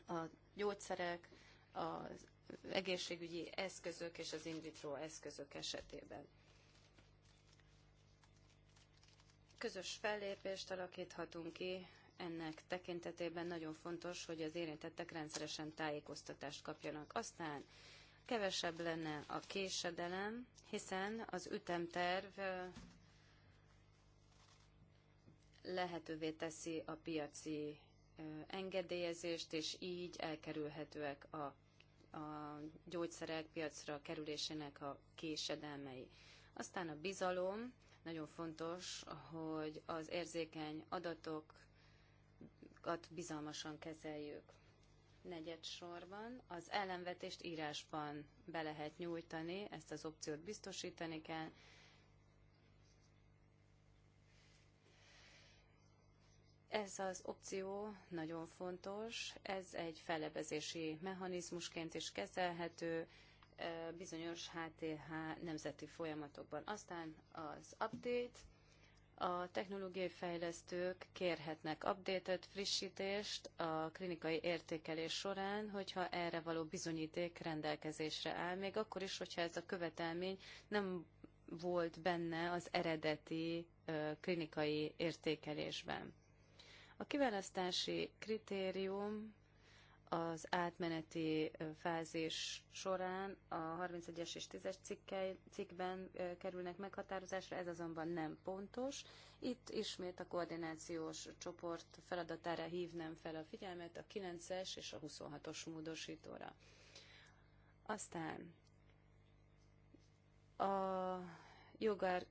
A gyógyszerek, az egészségügyi eszközök és az in vitro eszközök esetében. Közös fellépést alakíthatunk ki, ennek tekintetében nagyon fontos, hogy az érintettek rendszeresen tájékoztatást kapjanak. Aztán kevesebb lenne a késedelem, hiszen az ütemterv lehetővé teszi a piaci engedélyezést, és így elkerülhetőek a a gyógyszerek piacra kerülésének a késedelmei. Aztán a bizalom, nagyon fontos, hogy az érzékeny adatokat bizalmasan kezeljük. Negyed sorban az ellenvetést írásban be lehet nyújtani, ezt az opciót biztosítani kell, Ez az opció nagyon fontos, ez egy fellebezési mechanizmusként is kezelhető bizonyos HTH nemzeti folyamatokban. Aztán az update, a technológiai fejlesztők kérhetnek update-et, frissítést a klinikai értékelés során, hogyha erre való bizonyíték rendelkezésre áll, még akkor is, hogyha ez a követelmény nem volt benne az eredeti klinikai értékelésben. A kiválasztási kritérium az átmeneti fázis során a 31-es és 10-es cikkben kerülnek meghatározásra, ez azonban nem pontos. Itt ismét a koordinációs csoport feladatára hívnám fel a figyelmet a 9-es és a 26-os módosítóra. Aztán a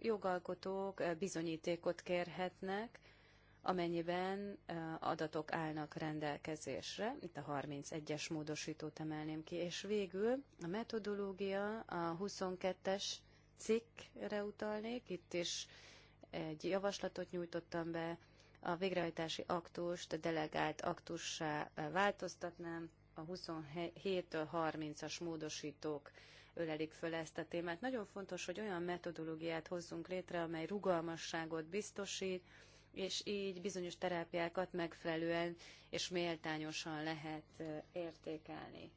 jogalkotók bizonyítékot kérhetnek, amennyiben adatok állnak rendelkezésre, itt a 31-es módosítót emelném ki, és végül a metodológia a 22-es cikkre utalnék, itt is egy javaslatot nyújtottam be, a végrehajtási aktust, a delegált aktussá változtatnám, a 27-től 30-as módosítók ölelik föl ezt a témát. Nagyon fontos, hogy olyan metodológiát hozzunk létre, amely rugalmasságot biztosít, és így bizonyos terápiákat megfelelően és méltányosan lehet értékelni,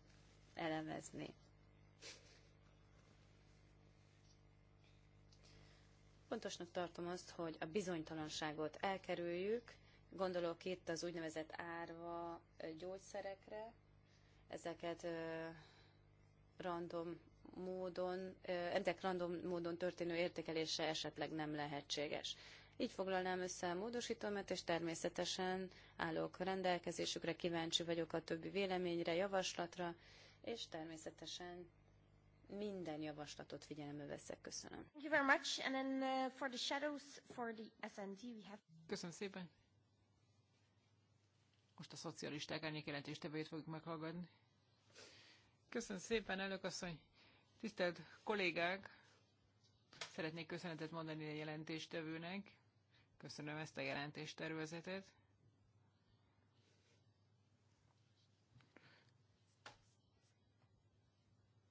elemezni. Fontosnak tartom azt, hogy a bizonytalanságot elkerüljük, gondolok itt az úgynevezett árva gyógyszerekre, ezeket random módon, ezek random módon történő értékelése esetleg nem lehetséges. Így foglalnám össze a módosítómat, és természetesen állok rendelkezésükre, kíváncsi vagyok a többi véleményre, javaslatra, és természetesen minden javaslatot figyelembe veszek. Köszönöm. Uh, Köszönöm szépen. Most a szocialisták árnyék jelentéstevőjét fogjuk meghallgatni. Köszönöm szépen, elnök asszony. Tisztelt kollégák, szeretnék köszönetet mondani a jelentéstevőnek. Köszönöm ezt a jelentéstervezetet.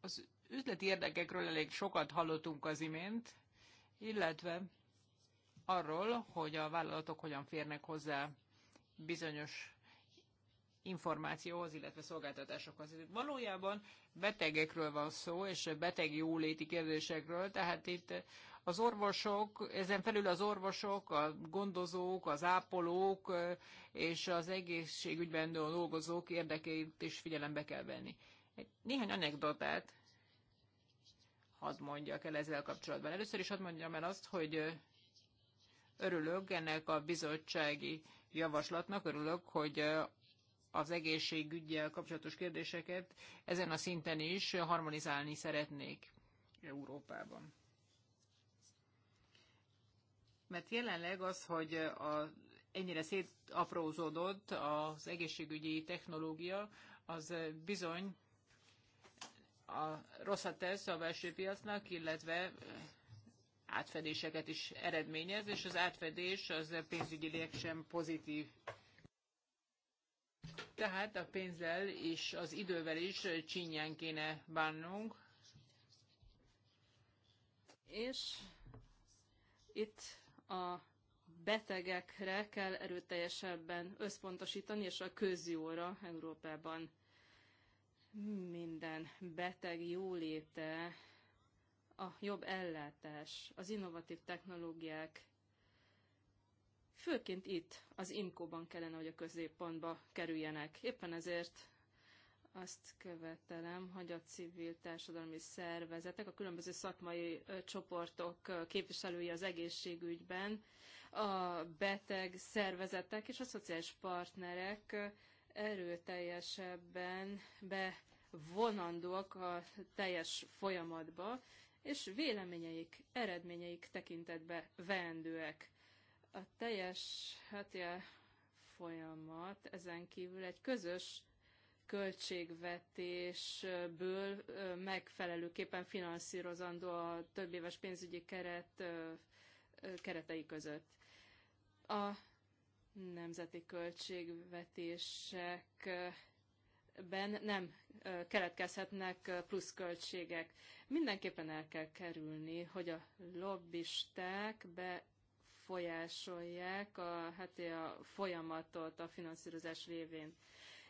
Az üzleti érdekekről elég sokat hallottunk az imént, illetve arról, hogy a vállalatok hogyan férnek hozzá bizonyos információhoz, illetve szolgáltatásokhoz. Valójában betegekről van szó, és beteg jóléti kérdésekről, tehát itt az orvosok, ezen felül az orvosok, a gondozók, az ápolók és az egészségügyben dolgozók érdekeit is figyelembe kell venni. Néhány anekdotát hadd mondjak el ezzel kapcsolatban. Először is hadd mondjam el azt, hogy örülök ennek a bizottsági javaslatnak, örülök, hogy az egészségügyel kapcsolatos kérdéseket ezen a szinten is harmonizálni szeretnék Európában. Mert jelenleg az, hogy a, ennyire szétaprózódott az egészségügyi technológia, az bizony a rosszat tesz a belső piacnak, illetve átfedéseket is eredményez, és az átfedés az pénzügyileg sem pozitív tehát a pénzzel és az idővel is csinyán kéne bánnunk. És itt a betegekre kell erőteljesebben összpontosítani, és a közjóra Európában minden beteg jóléte, a jobb ellátás, az innovatív technológiák, főként itt, az Inkóban kellene, hogy a középpontba kerüljenek. Éppen ezért azt követelem, hogy a civil társadalmi szervezetek, a különböző szakmai csoportok képviselői az egészségügyben, a beteg szervezetek és a szociális partnerek erőteljesebben bevonandóak a teljes folyamatba, és véleményeik, eredményeik tekintetbe veendőek. A teljes heti folyamat ezen kívül egy közös költségvetésből megfelelőképpen finanszírozandó a több éves pénzügyi keret keretei között. A nemzeti költségvetésekben nem keletkezhetnek pluszköltségek. Mindenképpen el kell kerülni, hogy a lobbisták be befolyásolják a hát, a folyamatot a finanszírozás révén.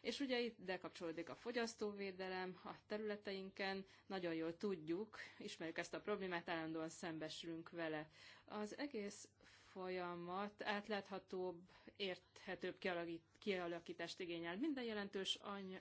És ugye itt dekapcsolódik a fogyasztóvédelem a területeinken, nagyon jól tudjuk, ismerjük ezt a problémát, állandóan szembesülünk vele. Az egész folyamat átláthatóbb érthetőbb kialakítást igényel. Minden jelentős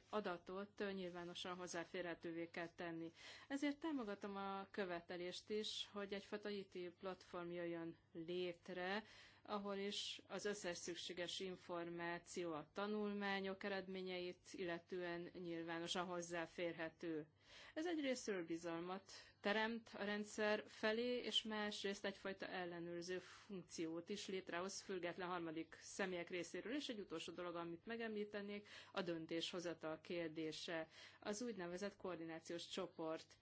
adatot nyilvánosan hozzáférhetővé kell tenni. Ezért támogatom a követelést is, hogy egyfajta IT platform jöjjön létre, ahol is az összes szükséges információ a tanulmányok eredményeit, illetően nyilvánosan hozzáférhető. Ez egyrésztről bizalmat teremt a rendszer felé, és másrészt egyfajta ellenőrző funkciót is létrehoz független harmadik személyek részéről. És egy utolsó dolog, amit megemlítenék, a döntéshozatal kérdése, az úgynevezett koordinációs csoport.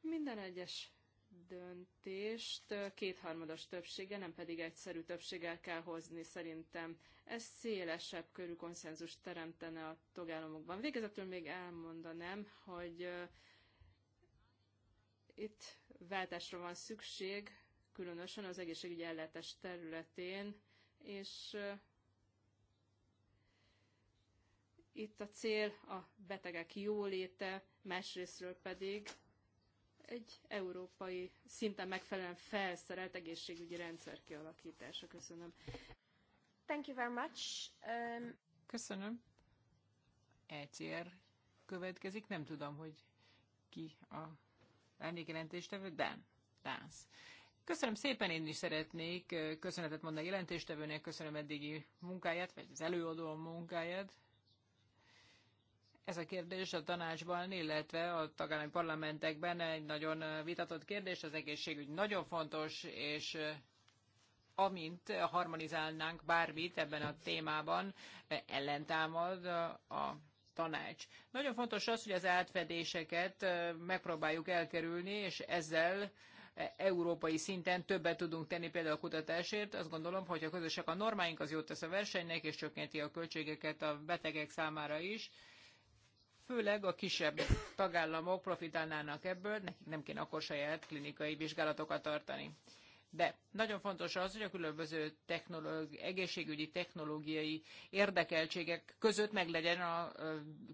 Minden egyes döntést kétharmados többsége, nem pedig egyszerű többséggel kell hozni szerintem. Ez szélesebb körű konszenzus teremtene a tagállamokban. Végezetül még elmondanám, hogy itt váltásra van szükség, különösen az egészségügyi ellátás területén, és itt a cél a betegek jóléte, másrésztről pedig egy európai szinten megfelelően felszerelt egészségügyi rendszer kialakítása. Köszönöm. Thank you very much. Um... Köszönöm. ECR következik. Nem tudom, hogy ki a jelentéstevő Dan. Dánsz. Köszönöm szépen, én is szeretnék köszönetet mondani a jelentéstevőnek, köszönöm eddigi munkáját, vagy az előadó munkáját. Ez a kérdés a tanácsban, illetve a tagállami parlamentekben egy nagyon vitatott kérdés, az egészségügy nagyon fontos, és amint harmonizálnánk bármit ebben a témában, ellentámad a tanács. Nagyon fontos az, hogy az átfedéseket megpróbáljuk elkerülni, és ezzel e, európai szinten többet tudunk tenni például a kutatásért. Azt gondolom, hogy a közösek a normáink, az jót tesz a versenynek, és csökkenti a költségeket a betegek számára is. Főleg a kisebb tagállamok profitálnának ebből, nekik nem kéne akkor saját klinikai vizsgálatokat tartani. De nagyon fontos az, hogy a különböző technológi, egészségügyi technológiai érdekeltségek között meglegyen a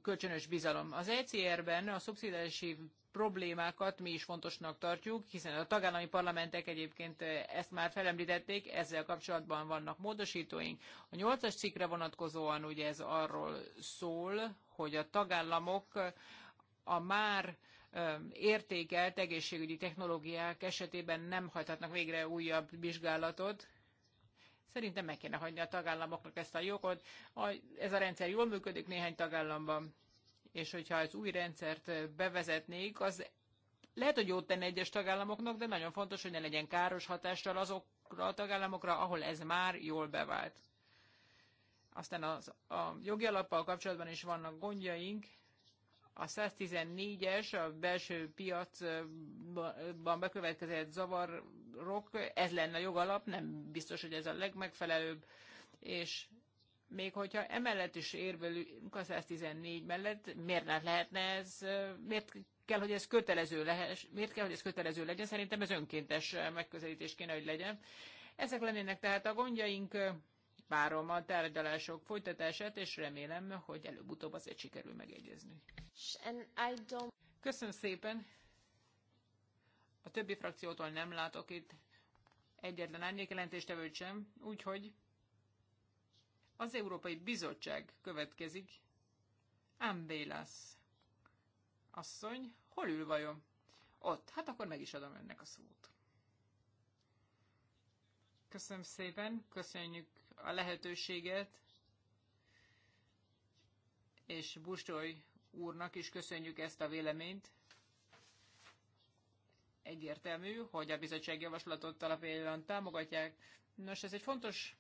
kölcsönös bizalom. Az ECR-ben a szubszidási problémákat mi is fontosnak tartjuk, hiszen a tagállami parlamentek egyébként ezt már felemlítették, ezzel kapcsolatban vannak módosítóink. A nyolcas cikkre vonatkozóan ugye ez arról szól, hogy a tagállamok a már értékelt egészségügyi technológiák esetében nem hajthatnak végre újabb vizsgálatot. Szerintem meg kéne hagyni a tagállamoknak ezt a jogot. Ez a rendszer jól működik néhány tagállamban, és hogyha az új rendszert bevezetnék, az lehet, hogy jót tenne egyes tagállamoknak, de nagyon fontos, hogy ne legyen káros hatással azokra a tagállamokra, ahol ez már jól bevált. Aztán az, a jogi alappal kapcsolatban is vannak gondjaink, a 114-es, a belső piacban bekövetkezett zavarok, ez lenne a jogalap, nem biztos, hogy ez a legmegfelelőbb, és még hogyha emellett is érvelünk a 114 mellett, miért nem lehetne ez, miért kell, hogy ez kötelező lehess, miért kell, hogy ez kötelező legyen? Szerintem ez önkéntes megközelítés kéne, hogy legyen. Ezek lennének tehát a gondjaink várom a tárgyalások folytatását, és remélem, hogy előbb-utóbb azért sikerül megegyezni. Köszönöm szépen! A többi frakciótól nem látok itt egyetlen árnyékjelentéstevőt sem, úgyhogy az Európai Bizottság következik. Ambélasz Asszony, hol ül vajon? Ott, hát akkor meg is adom önnek a szót. Köszönöm szépen, köszönjük a lehetőséget, és Bustoly úrnak is köszönjük ezt a véleményt. Egyértelmű, hogy a bizottság javaslatot alapján támogatják. Nos, ez egy fontos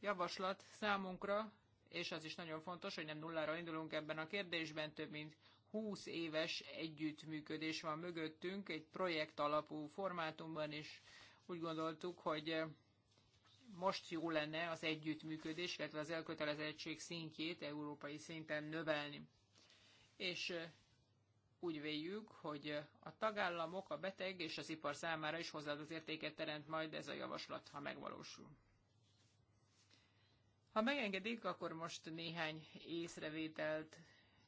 javaslat számunkra, és az is nagyon fontos, hogy nem nullára indulunk ebben a kérdésben, több mint 20 éves együttműködés van mögöttünk, egy projekt alapú formátumban, is úgy gondoltuk, hogy most jó lenne az együttműködés, illetve az elkötelezettség szintjét európai szinten növelni. És úgy véljük, hogy a tagállamok, a beteg és az ipar számára is hozzáadott értéket teremt majd ez a javaslat, ha megvalósul. Ha megengedik, akkor most néhány észrevételt,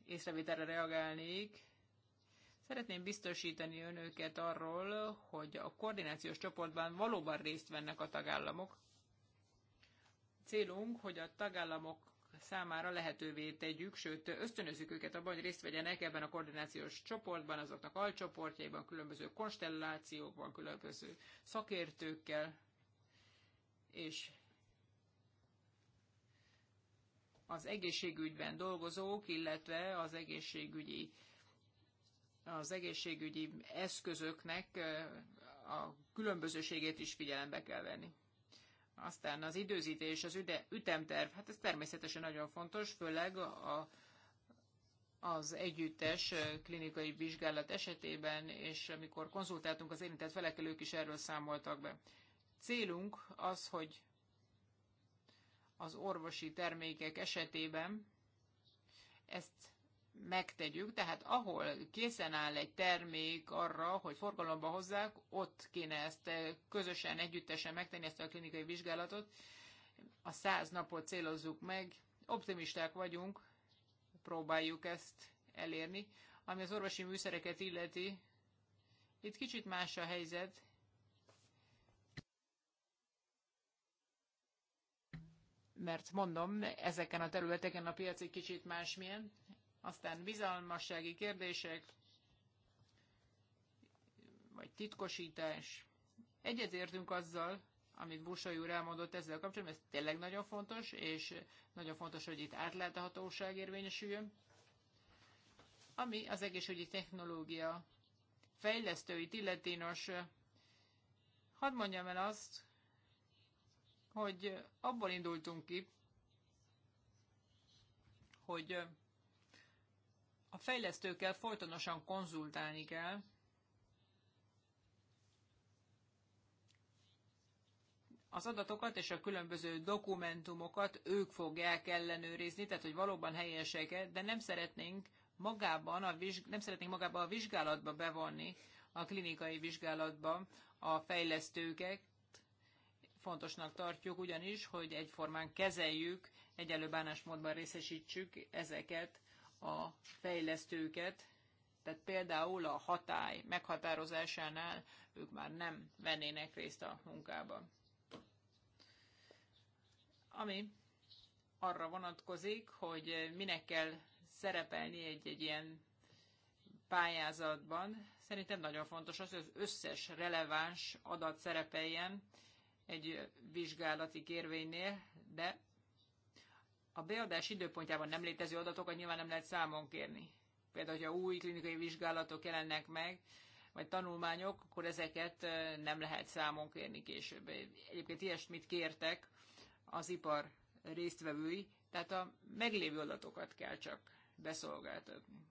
észrevételre reagálnék. Szeretném biztosítani önöket arról, hogy a koordinációs csoportban valóban részt vennek a tagállamok, célunk, hogy a tagállamok számára lehetővé tegyük, sőt ösztönözzük őket abban, hogy részt vegyenek ebben a koordinációs csoportban, azoknak alcsoportjaiban, különböző konstellációkban, különböző szakértőkkel, és az egészségügyben dolgozók, illetve az egészségügyi, az egészségügyi eszközöknek a különbözőségét is figyelembe kell venni. Aztán az időzítés, az üde, ütemterv, hát ez természetesen nagyon fontos, főleg a, az együttes klinikai vizsgálat esetében, és amikor konzultáltunk az érintett felekkel, ők is erről számoltak be. Célunk az, hogy az orvosi termékek esetében ezt megtegyük, tehát ahol készen áll egy termék arra, hogy forgalomba hozzák, ott kéne ezt eh, közösen, együttesen megtenni ezt a klinikai vizsgálatot. A száz napot célozzuk meg, optimisták vagyunk, próbáljuk ezt elérni. Ami az orvosi műszereket illeti, itt kicsit más a helyzet. Mert mondom, ezeken a területeken a piac egy kicsit másmilyen aztán bizalmassági kérdések, vagy titkosítás. Egyetértünk azzal, amit Busoly úr elmondott ezzel kapcsolatban, ez tényleg nagyon fontos, és nagyon fontos, hogy itt átláthatóság érvényesüljön, ami az egészségügyi technológia fejlesztőit illeti, nos, hadd mondjam el azt, hogy abból indultunk ki, hogy a fejlesztőkkel folytonosan konzultálni kell, az adatokat és a különböző dokumentumokat ők fogják ellenőrizni, tehát hogy valóban helyesek -e, de nem szeretnénk magában a vizsg- nem szeretnénk magában a vizsgálatba bevonni, a klinikai vizsgálatban a fejlesztőket. Fontosnak tartjuk ugyanis, hogy egyformán kezeljük, egyelő bánásmódban részesítsük ezeket a fejlesztőket, tehát például a hatály meghatározásánál ők már nem vennének részt a munkában. Ami arra vonatkozik, hogy minek kell szerepelni egy-egy ilyen pályázatban. Szerintem nagyon fontos az, hogy az összes releváns adat szerepeljen egy vizsgálati kérvénynél, de a beadás időpontjában nem létező adatokat nyilván nem lehet számon kérni. Például, hogyha új klinikai vizsgálatok jelennek meg, vagy tanulmányok, akkor ezeket nem lehet számon kérni később. Egyébként ilyesmit kértek az ipar résztvevői, tehát a meglévő adatokat kell csak beszolgáltatni.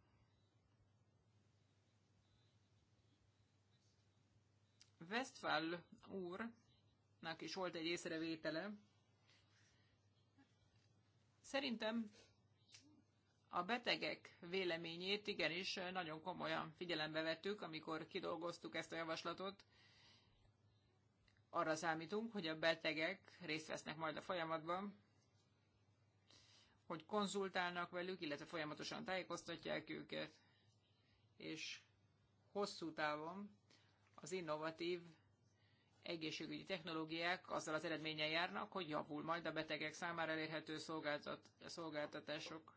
Westphal úrnak is volt egy észrevétele, Szerintem a betegek véleményét igenis nagyon komolyan figyelembe vettük, amikor kidolgoztuk ezt a javaslatot. Arra számítunk, hogy a betegek részt vesznek majd a folyamatban, hogy konzultálnak velük, illetve folyamatosan tájékoztatják őket, és hosszú távon az innovatív egészségügyi technológiák azzal az eredménnyel járnak, hogy javul majd a betegek számára elérhető szolgáltatások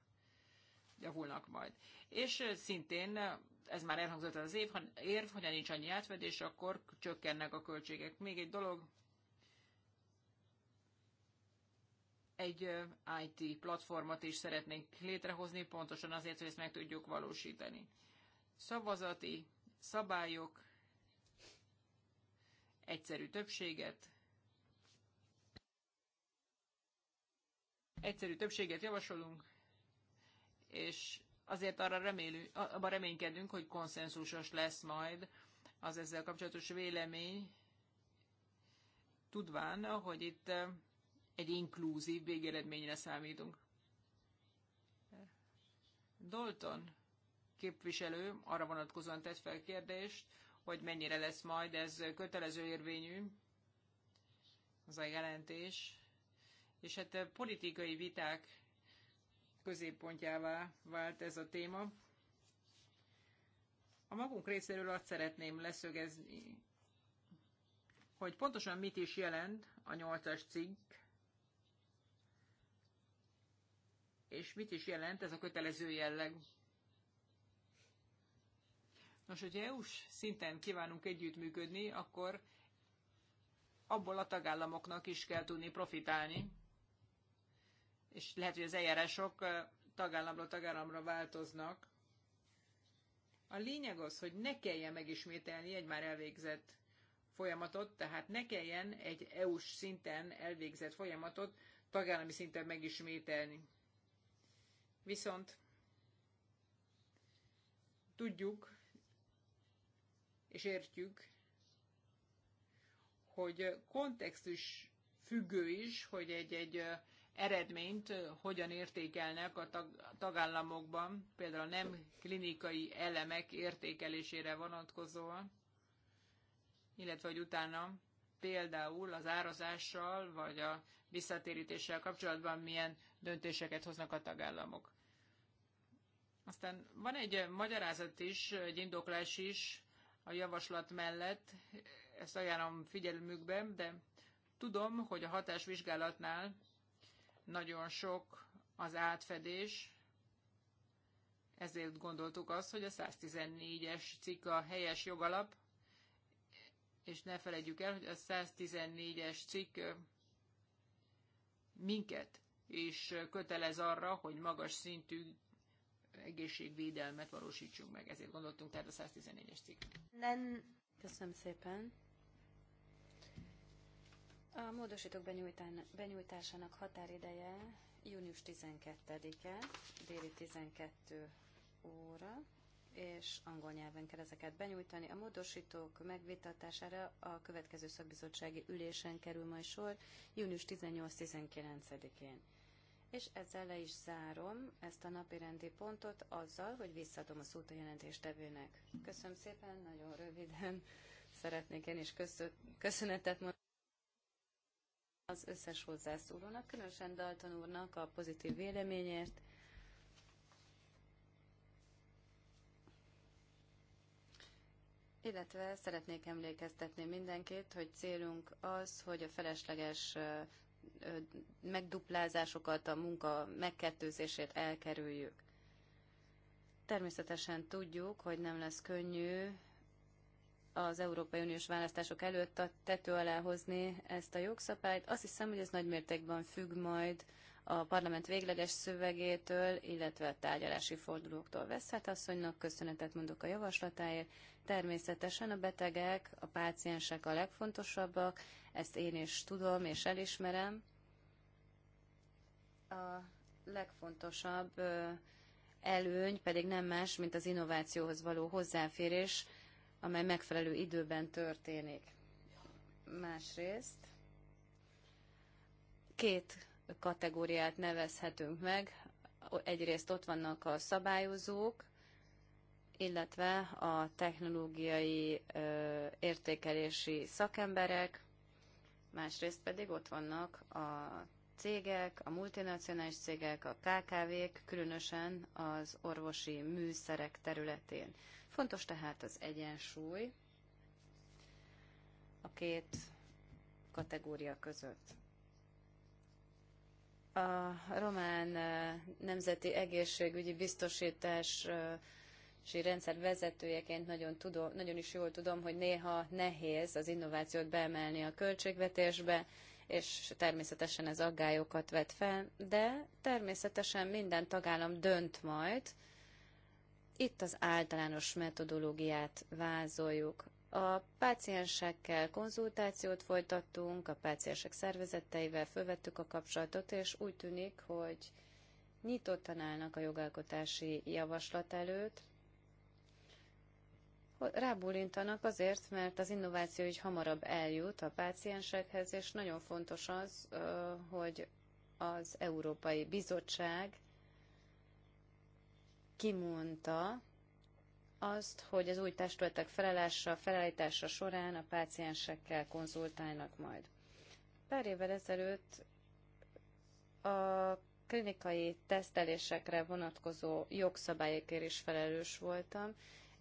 javulnak majd. És szintén, ez már elhangzott az év, ha érv, hogyha nincs annyi átvedés, akkor csökkennek a költségek. Még egy dolog, egy IT platformot is szeretnénk létrehozni, pontosan azért, hogy ezt meg tudjuk valósítani. Szavazati szabályok egyszerű többséget, egyszerű többséget javasolunk, és azért arra remélünk, abban reménykedünk, hogy konszenzusos lesz majd az ezzel kapcsolatos vélemény, tudván, hogy itt eh, egy inkluzív végeredményre számítunk. Dalton képviselő arra vonatkozóan tett fel kérdést, hogy mennyire lesz majd ez kötelező érvényű, az a jelentés. És hát a eh, politikai viták középpontjává vált ez a téma. A magunk részéről azt szeretném leszögezni, hogy pontosan mit is jelent a nyolcas cikk, és mit is jelent ez a kötelező jelleg. Nos, hogyha EU-s szinten kívánunk együttműködni, akkor abból a tagállamoknak is kell tudni profitálni, és lehet, hogy az eljárások tagállamra tagállamra változnak. A lényeg az, hogy ne kelljen megismételni egy már elvégzett folyamatot, tehát ne kelljen egy EU-s szinten elvégzett folyamatot tagállami szinten megismételni. Viszont tudjuk, és értjük, hogy kontextus függő is, hogy egy-egy eredményt hogyan értékelnek a tagállamokban, például a nem klinikai elemek értékelésére vonatkozóan, illetve hogy utána például az árazással vagy a visszatérítéssel kapcsolatban milyen döntéseket hoznak a tagállamok. Aztán van egy magyarázat is, egy indoklás is a javaslat mellett, ezt ajánlom figyelmükben, de tudom, hogy a hatásvizsgálatnál nagyon sok az átfedés, ezért gondoltuk azt, hogy a 114-es cikk a helyes jogalap, és ne felejtjük el, hogy a 114-es cikk minket is kötelez arra, hogy magas szintű egészségvédelmet valósítsunk meg. Ezért gondoltunk tehát a 114-es cikk. Nem. Köszönöm szépen. A módosítók benyújtásának határideje június 12-e, déli 12 óra, és angol nyelven kell ezeket benyújtani. A módosítók megvitatására a következő szakbizottsági ülésen kerül majd sor, június 18-19-én és ezzel le is zárom ezt a napirendi pontot azzal, hogy visszadom a szót a jelentéstevőnek. Köszönöm szépen, nagyon röviden szeretnék én is köszönetet mondani az összes hozzászólónak, különösen Dalton úrnak a pozitív véleményért. Illetve szeretnék emlékeztetni mindenkit, hogy célunk az, hogy a felesleges megduplázásokat, a munka megkettőzését elkerüljük. Természetesen tudjuk, hogy nem lesz könnyű az Európai Uniós választások előtt a tető alá hozni ezt a jogszabályt. Azt hiszem, hogy ez nagymértékben függ majd a parlament végleges szövegétől, illetve a tárgyalási fordulóktól veszhet asszonynak. Köszönetet mondok a javaslatáért. Természetesen a betegek, a páciensek a legfontosabbak, ezt én is tudom és elismerem. A legfontosabb előny pedig nem más, mint az innovációhoz való hozzáférés, amely megfelelő időben történik. Másrészt két kategóriát nevezhetünk meg. Egyrészt ott vannak a szabályozók, illetve a technológiai ö, értékelési szakemberek, másrészt pedig ott vannak a cégek, a multinacionális cégek, a KKV-k, különösen az orvosi műszerek területén. Fontos tehát az egyensúly a két kategória között. A román nemzeti egészségügyi biztosítás rendszer vezetőjeként nagyon, tudom, nagyon is jól tudom, hogy néha nehéz az innovációt beemelni a költségvetésbe, és természetesen ez aggályokat vet fel, de természetesen minden tagállam dönt majd. Itt az általános metodológiát vázoljuk. A páciensekkel konzultációt folytattunk, a páciensek szervezeteivel fölvettük a kapcsolatot, és úgy tűnik, hogy nyitottan állnak a jogalkotási javaslat előtt, rábólintanak azért, mert az innováció így hamarabb eljut a páciensekhez, és nagyon fontos az, hogy az Európai Bizottság kimondta azt, hogy az új testületek felelása, felállítása során a páciensekkel konzultálnak majd. Pár évvel ezelőtt a klinikai tesztelésekre vonatkozó jogszabályokért is felelős voltam,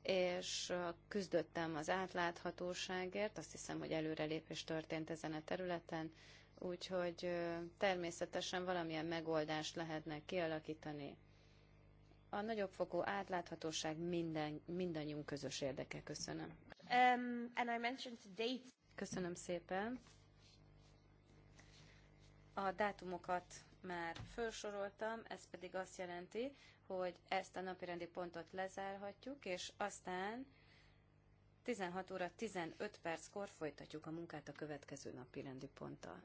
és küzdöttem az átláthatóságért, azt hiszem, hogy előrelépés történt ezen a területen, úgyhogy természetesen valamilyen megoldást lehetne kialakítani. A nagyobb fokú átláthatóság minden, mindannyiunk közös érdeke. Köszönöm. Um, and I mentioned dates. Köszönöm szépen. A dátumokat már felsoroltam, ez pedig azt jelenti, hogy ezt a napirendi pontot lezárhatjuk, és aztán 16 óra 15 perckor folytatjuk a munkát a következő napirendi ponttal.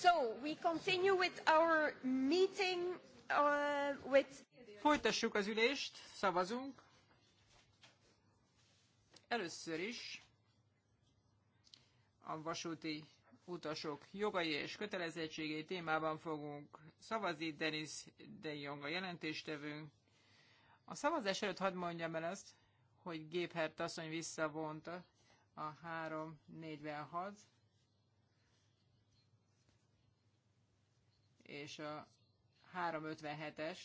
So, we continue with our meeting uh, with... Folytassuk az ülést, szavazunk. Először is a vasúti utasok jogai és kötelezettségei témában fogunk szavazni. Denis De Jong a jelentéstevőnk. A szavazás előtt hadd mondjam el azt, hogy Géphert asszony visszavonta a 346 és a 357-est.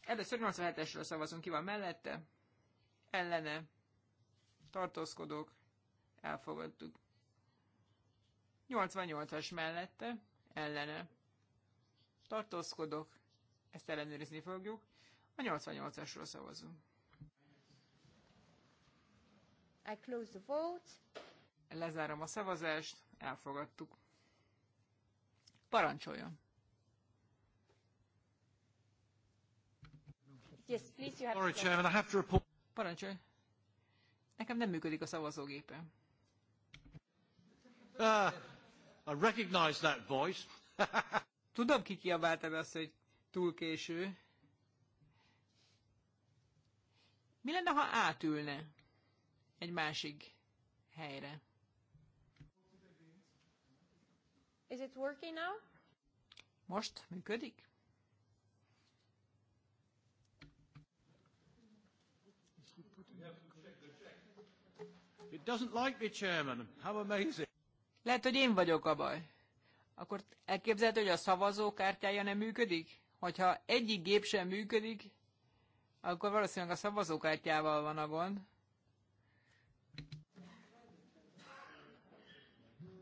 Először 87-esről szavazunk, ki van mellette, ellene, tartózkodók, elfogadtuk. 88-as mellette, ellene, tartózkodok, ezt ellenőrizni fogjuk, a 88-asról szavazunk. I close the vote. Lezárom a szavazást elfogadtuk. Parancsoljon! Yes, please, you have Sorry, Chairman, I have to report... Parancsolj! Nekem nem működik a szavazógépem. Ah, I recognize that voice. Tudom, ki kiabálta be azt, hogy túl késő. Mi lenne, ha átülne egy másik helyre? Is it working now? Most működik? It doesn't like me, Chairman. How amazing. Lehet, hogy én vagyok a baj. Akkor elképzelhető, hogy a szavazókártyája nem működik? Hogyha egyik gép sem működik, akkor valószínűleg a szavazókártyával van a gond.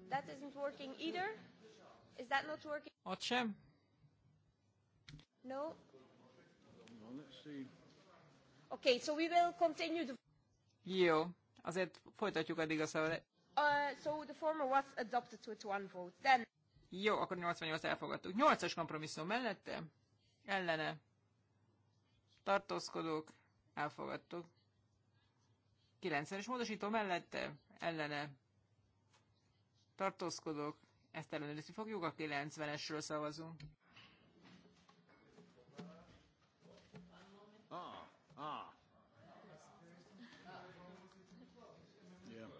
That isn't working either. Is that not working? Ott sem? No. no let's see. Okay, so we will continue the... Jó, azért folytatjuk addig a szavazást. Uh, so the former was adopted with one vote. Then... Jó, akkor 88 elfogadtuk. 8-as kompromisszum mellette? Ellene. Tartózkodók. Elfogadtuk. 90-es módosító mellette? Ellene. Tartózkodók. Ezt ellenőrizni fogjuk, a 90-esről szavazunk. Ah, ah. Yeah.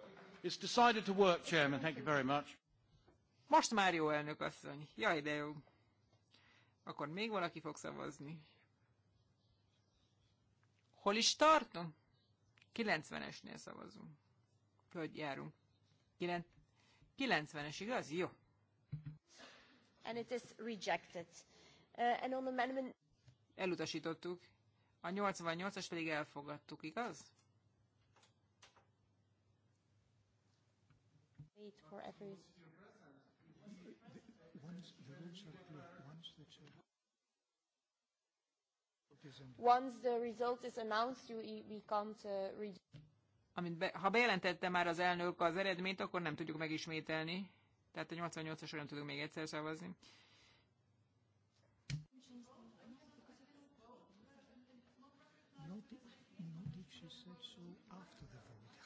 It's decided to work, Chairman. Thank you very much. Most már jó, elnök asszony. Jaj, de jó. Akkor még valaki fog szavazni. Hol is tartunk? 90-esnél szavazunk. Hogy járunk. 90-es, igaz? Jó. Uh, Elutasítottuk. A 88-as pedig elfogadtuk, igaz? Once the result is announced, you, we can't reject. Amint ha bejelentette már az elnök az eredményt, akkor nem tudjuk megismételni. Tehát a 88 as nem tudunk még egyszer szavazni.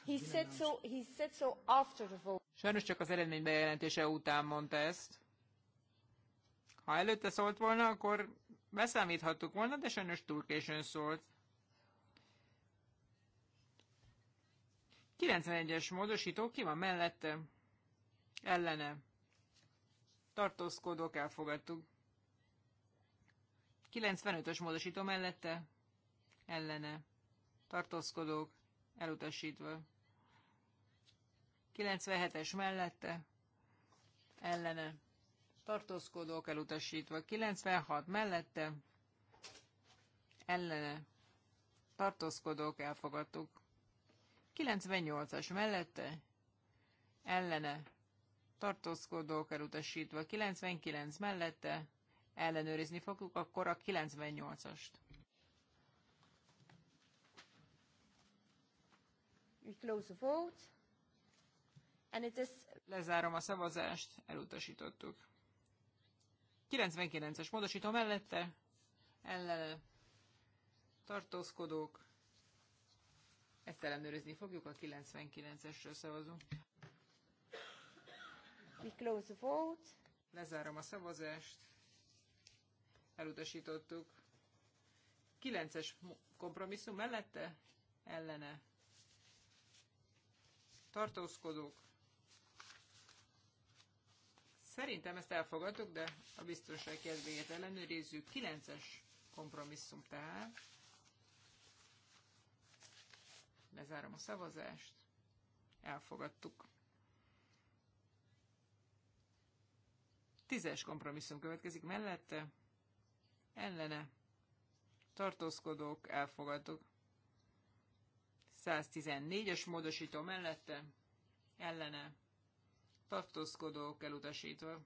He said so, he said so after the vote. Sajnos csak az eredmény bejelentése után mondta ezt. Ha előtte szólt volna, akkor beszámíthattuk volna, de sajnos túl későn szólt. 91-es módosító ki van mellette? ellene tartózkodók elfogadtuk. 95-ös módosító mellette ellene tartózkodók elutasítva. 97-es mellette ellene tartózkodók elutasítva. 96 mellette ellene tartózkodók elfogadtuk. 98-as mellette ellene tartózkodók elutasítva 99 mellette, ellenőrizni fogjuk akkor a 98-ast. We close the vote. And it is... Lezárom a szavazást, elutasítottuk. 99-es módosító mellette, ellen tartózkodók, ezt ellenőrizni fogjuk, a 99-esről szavazunk. We close the vote. Lezárom a szavazást. Elutasítottuk. 9-es kompromisszum mellette? Ellene. Tartózkodók. Szerintem ezt elfogadtuk, de a biztonság kedvéért ellenőrizzük. 9-es kompromisszum tehát. Lezárom a szavazást. Elfogadtuk. Tízes kompromisszum következik mellette, ellene, tartózkodók, elfogadók. 114-es módosító mellette, ellene, tartózkodók, elutasítva.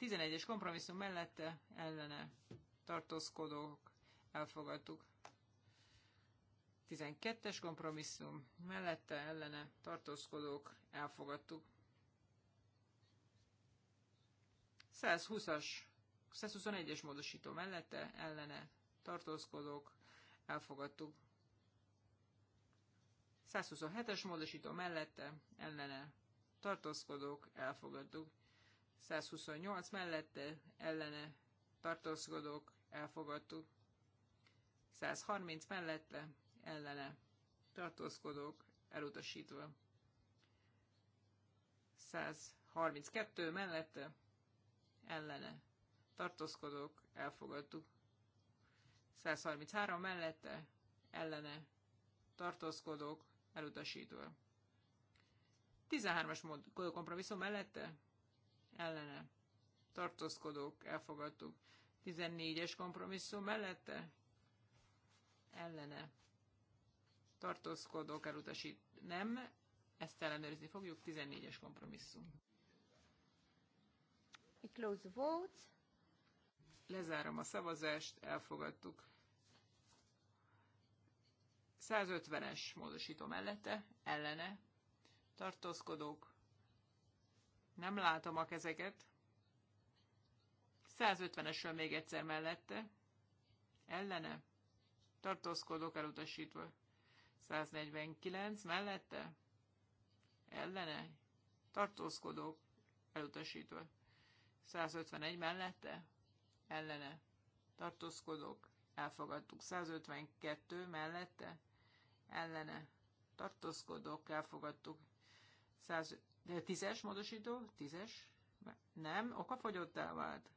11-es kompromisszum mellette, ellene, tartózkodók, elfogadtuk. 12-es kompromisszum mellette, ellene, tartózkodók, elfogadtuk. 120-as, 121-es módosító mellette ellene tartózkodók elfogadtuk. 127-es módosító mellette ellene tartózkodók elfogadtuk. 128 mellette ellene tartózkodók elfogadtuk. 130 mellette ellene tartózkodók elutasítva. 132 mellette ellene tartózkodók, elfogadtuk. 133 mellette, ellene tartózkodók, elutasítva. 13-as kompromisszum mellette, ellene tartózkodók, elfogadtuk. 14-es kompromisszum mellette, ellene tartózkodók, elutasít. Nem, ezt ellenőrizni fogjuk, 14-es kompromisszum. We close vote. Lezárom a szavazást, elfogadtuk. 150-es módosító mellette, ellene, tartózkodók, nem látom a kezeket. 150-esről még egyszer mellette, ellene, tartózkodók elutasítva. 149 mellette, ellene, tartózkodók elutasítva. 151 mellette, ellene, tartózkodok, elfogadtuk. 152 mellette, ellene, tartózkodok, elfogadtuk. 100, de 10-es módosító, 10-es, nem, okafogyottá vált.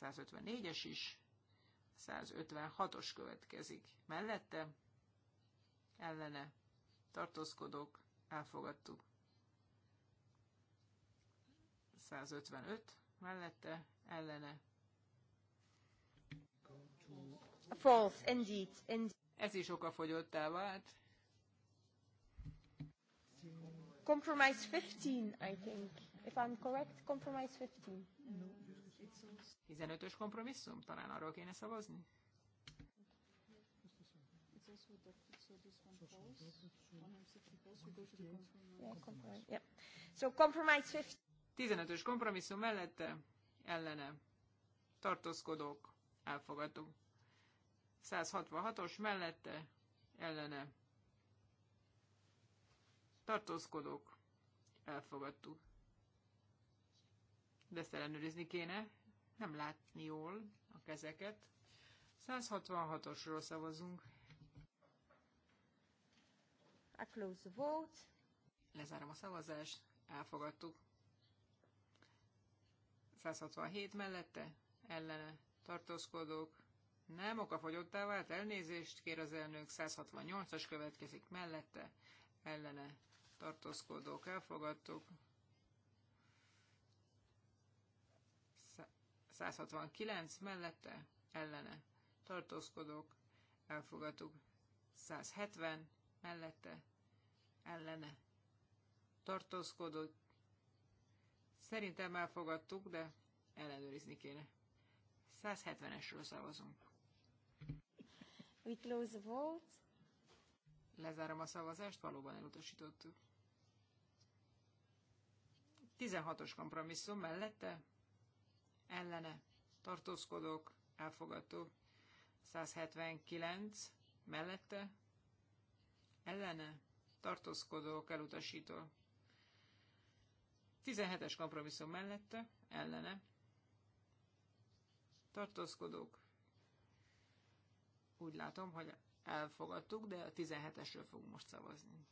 154-es is, 156-os következik. Mellette, ellene, tartózkodok, elfogadtuk. 155 mellette ellene. False, indeed, indeed. Ez is okafogyottá vált. Compromise 15, I think. If I'm correct, compromise 15. 15-ös kompromisszum? Talán arról kéne szavazni? So compromise 15. 15-ös kompromisszum mellette ellene tartózkodók elfogadó. 166-os mellette ellene tartózkodók elfogadtuk. De ezt ellenőrizni kéne, nem látni jól a kezeket. 166-osról szavazunk. I close the vote. Lezárom a szavazást, elfogadtuk. 167 mellette ellene tartózkodók nem okafogyottá vált, elnézést kér az elnök, 168-as következik mellette ellene tartózkodók elfogadtuk. 169 mellette ellene tartózkodók elfogadtuk. 170 mellette ellene tartózkodók Szerintem elfogadtuk, de ellenőrizni kéne. 170-esről szavazunk. We close the vote. Lezárom a szavazást, valóban elutasítottuk. 16-os kompromisszum mellette, ellene, tartózkodók, elfogadó. 179 mellette, ellene, tartózkodók, elutasító. 17-es kompromisszum mellette, ellene, tartózkodók. Úgy látom, hogy elfogadtuk, de a 17-esről fogunk most szavazni.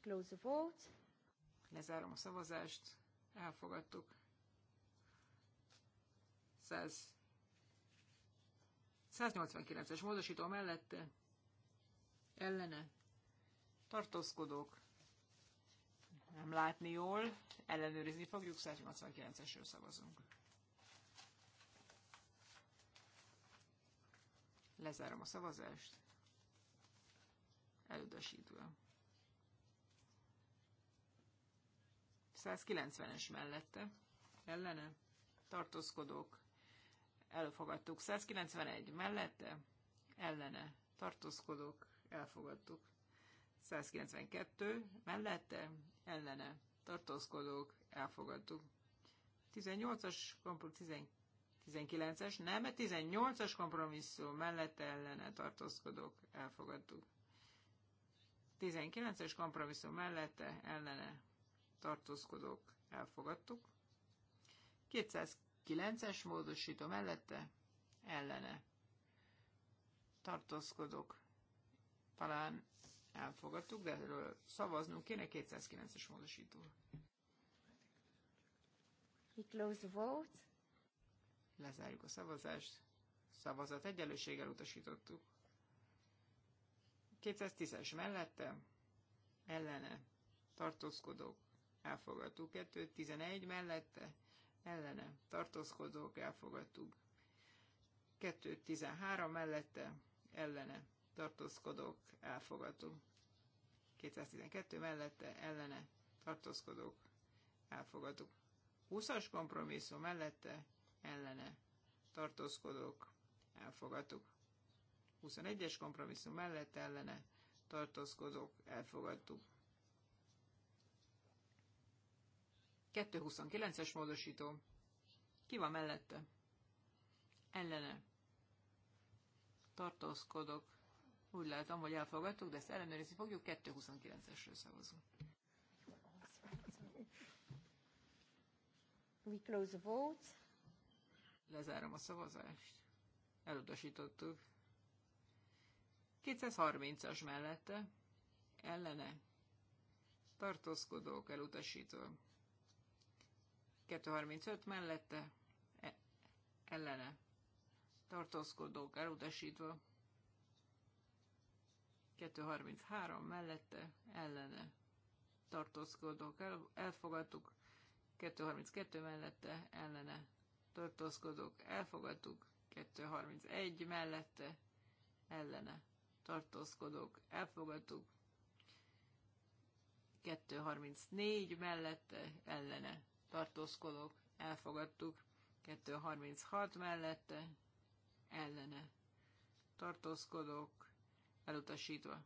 Close the vote. Lezárom a szavazást. Elfogadtuk. 100. 189-es módosító mellette ellene tartózkodók nem látni jól, ellenőrizni fogjuk, 189-esről szavazunk. Lezárom a szavazást. Elődösítve. 190-es mellette. Ellene. Tartózkodók. Elfogadtuk. 191 mellette. Ellene. Tartózkodók. Elfogadtuk. 192 mellette ellene tartózkodók elfogadtuk. 18-as kompromisszum, 19-es, nem, 18-as kompromisszum mellett ellene tartózkodók elfogadtuk. 19-es kompromisszum mellette ellene tartózkodók elfogadtuk. 209-es módosító mellette ellene tartózkodók talán elfogadtuk, de erről szavaznunk kéne 209-es módosító. We close the vote. Lezárjuk a szavazást. Szavazat egyenlőséggel utasítottuk. 210-es mellette, ellene, tartózkodók, elfogadtuk. 211 mellette, ellene, tartózkodók, elfogadtuk. 213 mellette, ellene, tartózkodók elfogadó. 212 mellette ellene tartózkodók elfogadó. 20-as kompromisszum mellette ellene tartózkodók elfogadó. 21-es kompromisszum mellette, ellene tartózkodók elfogadtuk. 229-es módosító. Ki van mellette? Ellene. Tartózkodok. Úgy látom, hogy elfogadtuk, de ezt ellenőrizni fogjuk, 229-esről szavazunk. We close the vote. Lezárom a szavazást. Elutasítottuk. 230-as mellette. Ellene. Tartózkodók elutasító. 235 mellette. E ellene. Tartózkodók elutasítva. 233 mellette ellene tartózkodók el, elfogadtuk, 232 mellette ellene tartózkodók elfogadtuk, 231 mellette ellene tartózkodók elfogadtuk, 234 mellette ellene tartózkodók elfogadtuk, 236 mellette ellene tartózkodók elutasítva.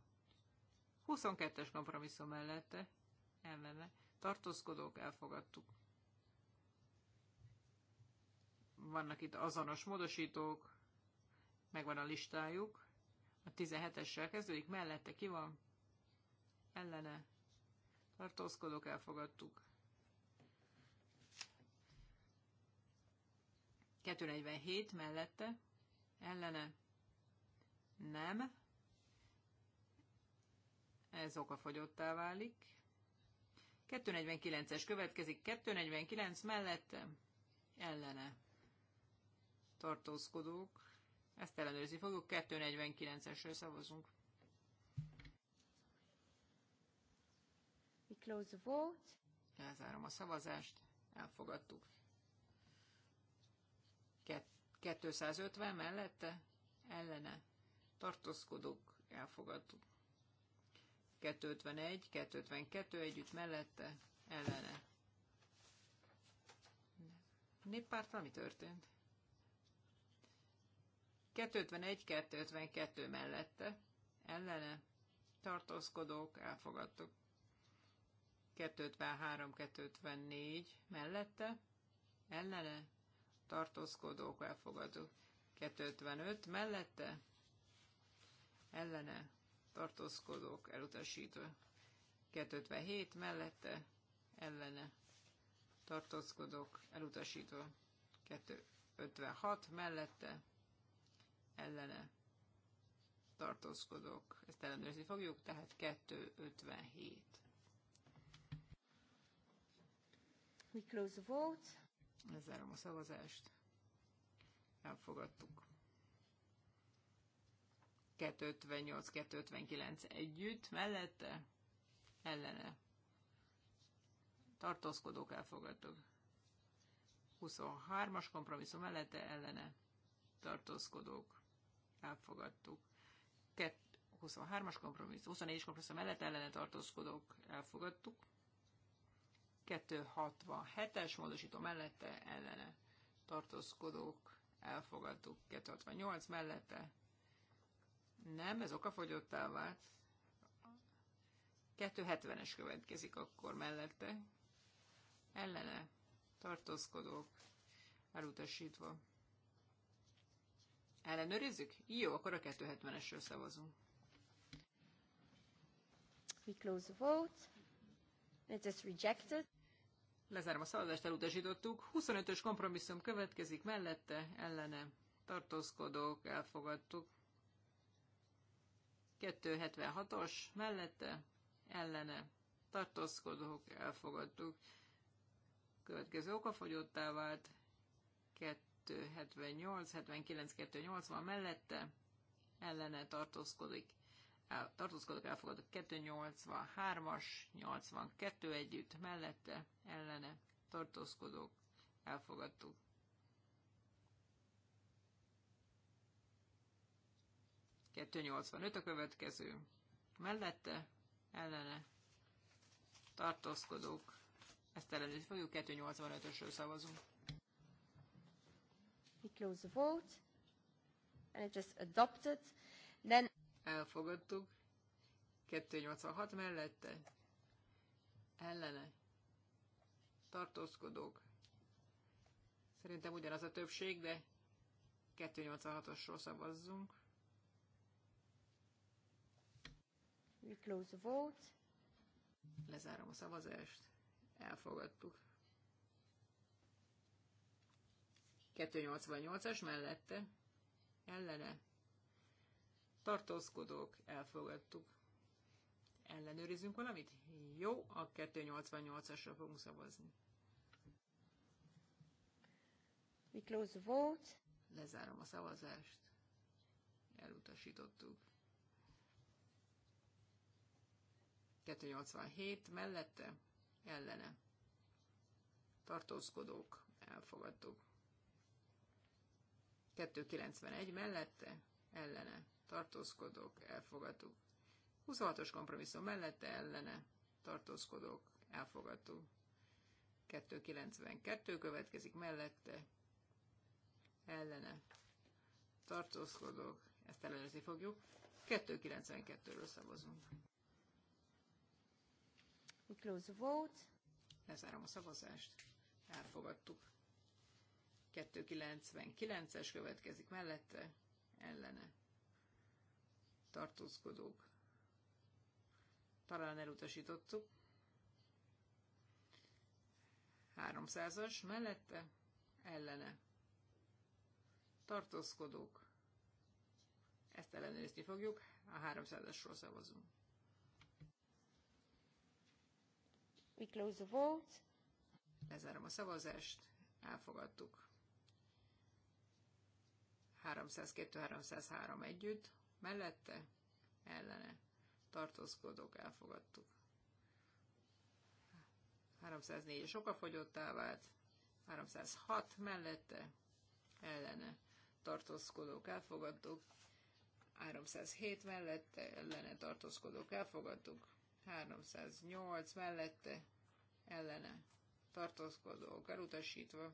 22-es kompromisszum mellette elmenne, tartózkodók elfogadtuk. Vannak itt azonos módosítók, megvan a listájuk. A 17-essel kezdődik, mellette ki van, ellene tartózkodók elfogadtuk. 247 mellette, ellene nem, ez okafogyottá válik. 249-es következik, 249 mellette ellene tartózkodók. Ezt ellenőrizni fogjuk, 249-esről szavazunk. We close the vote. Elzárom a szavazást, elfogadtuk. 250 mellette ellene tartózkodók elfogadtuk. 251, 252 együtt mellette, ellene. Néppártal mi történt? 251, 252 mellette, ellene. Tartózkodók, elfogadtuk. 253, 254 mellette, ellene. Tartózkodók, elfogadtuk. 255 mellette, ellene tartózkodók elutasítva. 257 mellette ellene tartózkodók elutasítva. 256 mellette ellene tartózkodók. Ezt ellenőrizni fogjuk, tehát 257. We close the vote. Lezárom a szavazást. Elfogadtuk. 258-259 együtt, mellette, ellene. Tartózkodók elfogadók. 23-as kompromisszum mellette, ellene. Tartózkodók elfogadtuk. 23-as kompromisszum, 24-es kompromisszum mellett ellene tartózkodók elfogadtuk. 267-es módosító mellette ellene tartózkodók elfogadtuk. 268 mellette nem, ez okafogyottá vált. 270-es következik akkor mellette. Ellene tartózkodók elutasítva. Ellenőrizzük? Jó, akkor a 270-esről szavazunk. We close the vote. It is rejected. Lezárom a szavazást, elutasítottuk. 25-ös kompromisszum következik mellette, ellene tartózkodók, elfogadtuk. 276-os mellette ellene tartózkodók elfogadtuk. Következő okafogyottá vált 278, 79, 280 mellette ellene tartózkodik. El, tartózkodók elfogadók 283-as, 82 együtt mellette ellene tartózkodók elfogadtuk. 285 a következő. Mellette, ellene, tartózkodók. Ezt ellenőrizni fogjuk, 285-ösről szavazunk. We close the vote. And it just adopted. Then... Elfogadtuk. 286 mellette. Ellene. Tartózkodók. Szerintem ugyanaz a többség, de 286-osról szavazzunk. We close the vote. Lezárom a szavazást. Elfogadtuk. 288-as mellette. Ellene. Tartózkodók. Elfogadtuk. Ellenőrizzünk valamit? Jó, a 288-asra fogunk szavazni. We close the vote. Lezárom a szavazást. Elutasítottuk. 287 mellette ellene tartózkodók elfogadtuk. 291 mellette ellene tartózkodók elfogadtuk. 26-os kompromisszum mellette ellene tartózkodók elfogadtuk. 292 következik mellette ellene tartózkodók, ezt ellenőrizni fogjuk. 292-ről szavazunk. We close the vote. Lezárom a szavazást. Elfogadtuk. 299-es következik mellette, ellene. Tartózkodók. Talán elutasítottuk. 300-as mellette, ellene. Tartózkodók. Ezt ellenőrizni fogjuk, a 300-asról szavazunk. We close the vote. Lezárom a szavazást. Elfogadtuk. 302-303 együtt. Mellette, ellene. Tartózkodók, elfogadtuk. 304 sokkal fogyottá vált. 306 mellette, ellene. Tartózkodók, elfogadtuk. 307 mellette, ellene tartózkodók elfogadtuk, 308 mellette ellene tartózkodók elutasítva,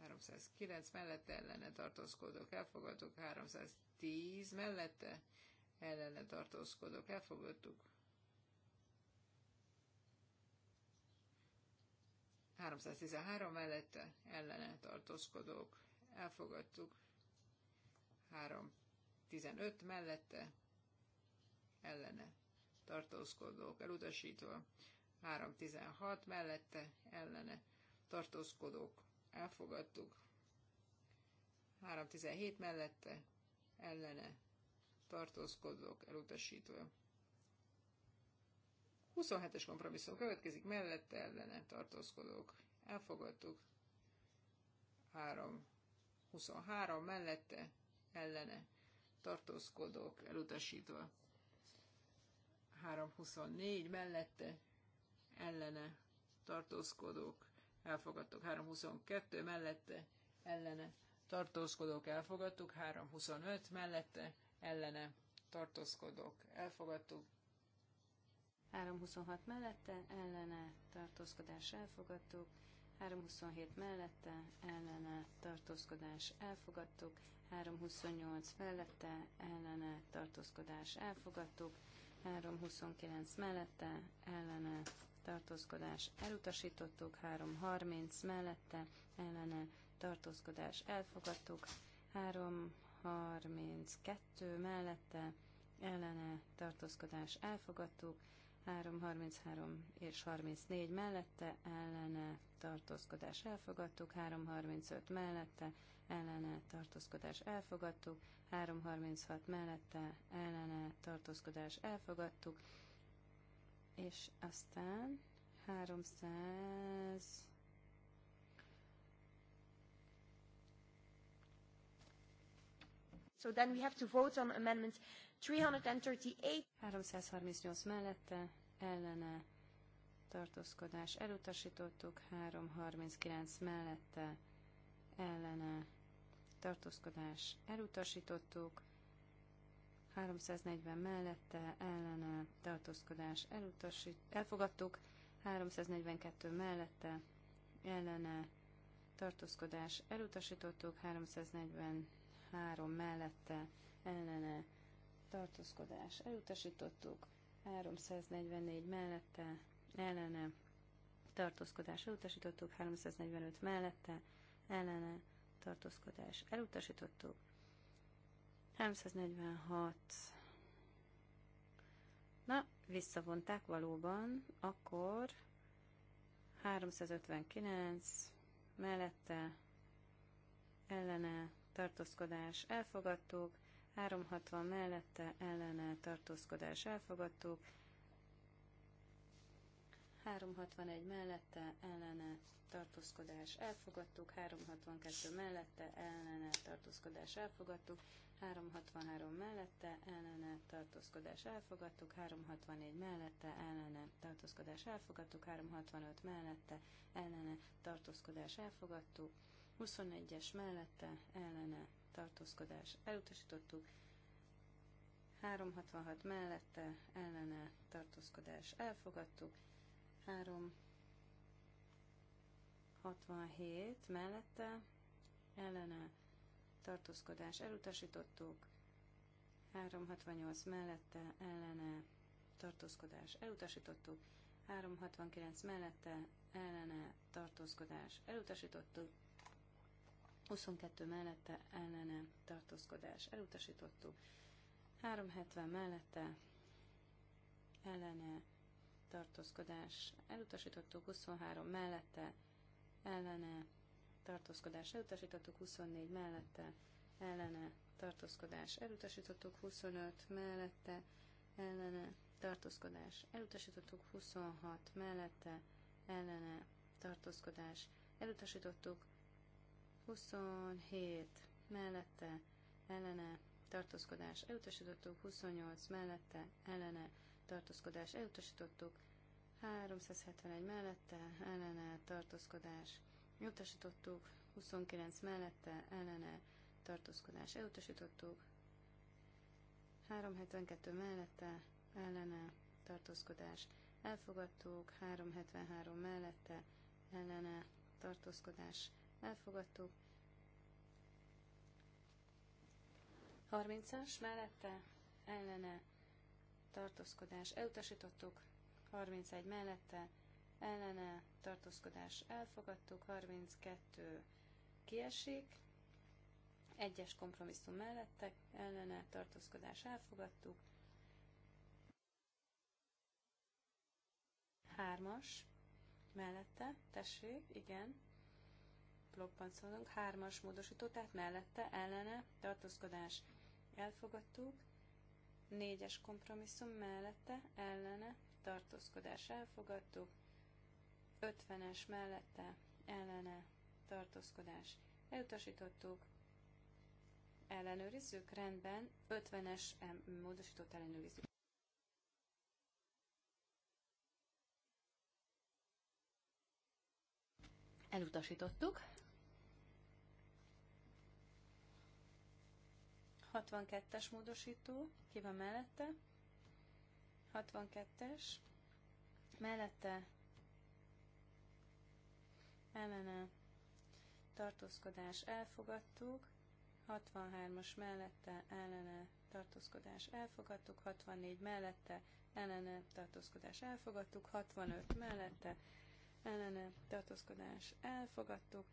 309 mellette ellene tartózkodók elfogadtuk, 310 mellette ellene tartózkodók elfogadtuk, 313 mellette ellene tartózkodók elfogadtuk, 315 mellette ellene tartózkodók elutasítva, 316 mellette ellene tartózkodók elfogadtuk, 317 mellette ellene tartózkodók elutasítva. 27-es kompromisszum következik, mellette ellene tartózkodók elfogadtuk, 3 23 mellette ellene tartózkodók elutasítva. 324 mellette ellene tartózkodók elfogadtuk, 322 mellette ellene tartózkodók elfogadtuk, 325 mellette ellene tartózkodók elfogadtuk, 326 mellette ellene tartózkodás elfogadtuk, 327 mellette ellene tartózkodás elfogadtuk, 328 mellette ellene tartózkodás elfogadtuk, 329 mellette, ellene tartózkodás elutasítottuk, 330 mellette, ellene tartózkodás elfogadtuk, 332 mellette, ellene tartózkodás elfogadtuk, 333 és 34 mellette, ellene tartózkodás elfogadtuk, 335 mellette, ellene tartózkodás elfogadtuk, 336 mellette ellene tartózkodás elfogadtuk, és aztán 300 So then we have to vote on amendment 338. 338 mellette ellene tartózkodás elutasítottuk, 339 mellette ellene tartózkodás elutasítottuk, 340 mellette ellene tartózkodás elutasít, elfogadtuk, 342 mellette ellene tartózkodás elutasítottuk, 343 mellette ellene tartózkodás elutasítottuk, 344 mellette ellene tartózkodás elutasítottuk, 345 mellette ellene tartózkodás elutasítottuk. 346. Na, visszavonták valóban, akkor 359 mellette ellene tartózkodás elfogadtuk, 360 mellette ellene tartózkodás elfogadtuk, 361 mellette ellene tartózkodás elfogadtuk, 362 mellette ellene tartózkodás elfogadtuk, 363 mellette ellene tartózkodás elfogadtuk, 364 mellette ellene tartózkodás elfogadtuk, 365 mellette ellene tartózkodás elfogadtuk, 21-es mellette ellene tartózkodás elutasítottuk, 366 mellette ellene tartózkodás elfogadtuk, 3, 67 mellette, ellene, tartózkodás elutasítottuk, 368 mellette, ellene, tartózkodás elutasítottuk, 369 mellette, ellene, tartózkodás elutasítottuk, 22 mellette, ellene, tartózkodás elutasítottuk, 370 mellette, ellene, tartózkodás elutasítottuk, 23 mellette, ellene, tartózkodás elutasítottuk, 24 mellette, ellene, tartózkodás elutasítottuk, 25 mellette, ellene, tartózkodás elutasítottuk, 26 mellette, ellene, tartózkodás elutasítottuk, 27 mellette, ellene, tartózkodás elutasítottuk, 28 mellette, ellene, tartózkodás elutasítottuk, 371 mellette, ellene, tartózkodás elutasítottuk, 29 mellette, ellene, tartózkodás elutasítottuk, 372 mellette, ellene, tartózkodás elfogadtuk, 373 mellette, ellene, tartózkodás elfogadtuk, 30-as mellette, ellene tartózkodás elutasítottuk, 31 mellette, ellene tartózkodás elfogadtuk, 32 kiesik, egyes kompromisszum mellette, ellene tartózkodás elfogadtuk, hármas mellette, tessék, igen, blokkban szólunk, hármas módosító, tehát mellette, ellene tartózkodás elfogadtuk, Négyes kompromisszum mellette, ellene, tartózkodás elfogadtuk. 50-es mellette, ellene, tartózkodás elutasítottuk. Ellenőrizzük, rendben, 50-es módosított ellenőrizzük. Elutasítottuk. 62-es módosító, ki van mellette? 62-es, mellette ellene tartózkodás elfogadtuk, 63-as mellette ellene tartózkodás elfogadtuk, 64 mellette ellene tartózkodás elfogadtuk, 65 mellette ellene tartózkodás elfogadtuk,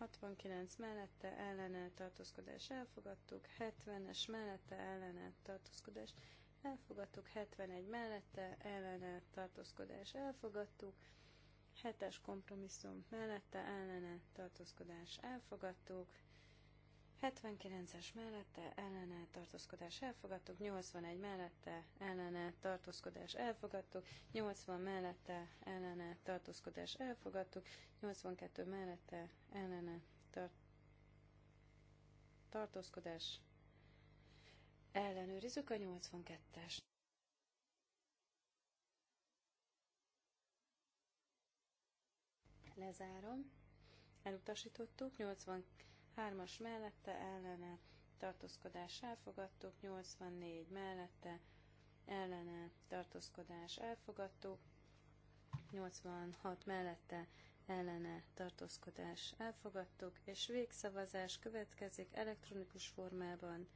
69 mellette ellene tartózkodás elfogadtuk, 70-es mellette ellene tartózkodás elfogadtuk, 71 mellette ellene tartózkodás elfogadtuk, 7-es kompromisszum mellette ellene tartózkodás elfogadtuk, 79-es mellette ellene tartózkodás elfogadtuk, 81 mellette ellene tartózkodás elfogadtuk, 80 mellette ellene tartózkodás elfogadtuk, 82 mellette ellene tar- tartózkodás ellenőrizzük a 82-es. Lezárom. Elutasítottuk. 82 hármas mellette ellene tartózkodás elfogadtuk, 84 mellette ellene tartózkodás elfogadtuk, 86 mellette ellene tartózkodás elfogadtuk, és végszavazás következik elektronikus formában.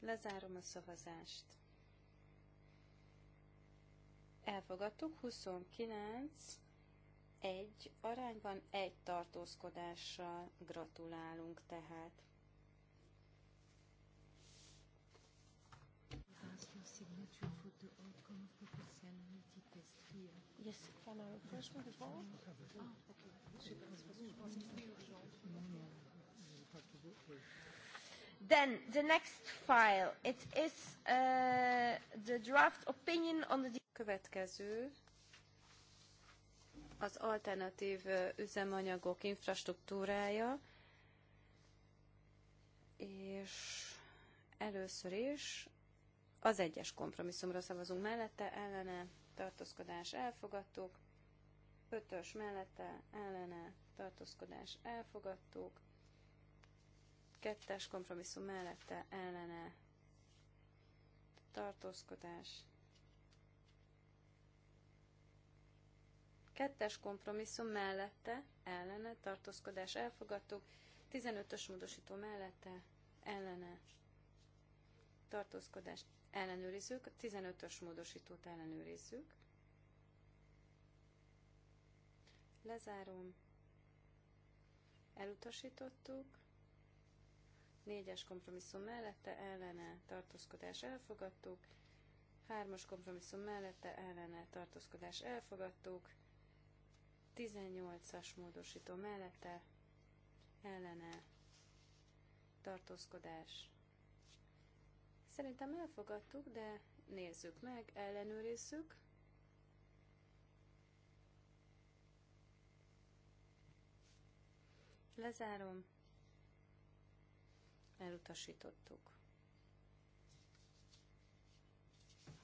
Lezárom a szavazást. Elfogadtuk 29 egy arányban, egy tartózkodással gratulálunk tehát. Yes, can I refresh me before? Ah, okay. Then the next file, it is uh, the draft opinion on the... Következő az alternatív üzemanyagok infrastruktúrája, és először is az egyes kompromisszumra szavazunk mellette, ellene, tartózkodás elfogadtuk, ötös mellette, ellene, tartózkodás elfogadtuk, kettes kompromisszum mellette, ellene, tartózkodás Kettes kompromisszum mellette, ellene, tartózkodás elfogadtuk. 15-ös módosító mellette, ellene, tartózkodás ellenőrizzük. A 15-ös módosítót ellenőrizzük. Lezárom. Elutasítottuk. Négyes kompromisszum mellette, ellene, tartózkodás elfogadtuk. Hármas kompromisszum mellette, ellene, tartózkodás elfogadtuk. 18-as módosító mellette ellene tartózkodás. Szerintem elfogadtuk, de nézzük meg, ellenőrizzük. Lezárom. Elutasítottuk.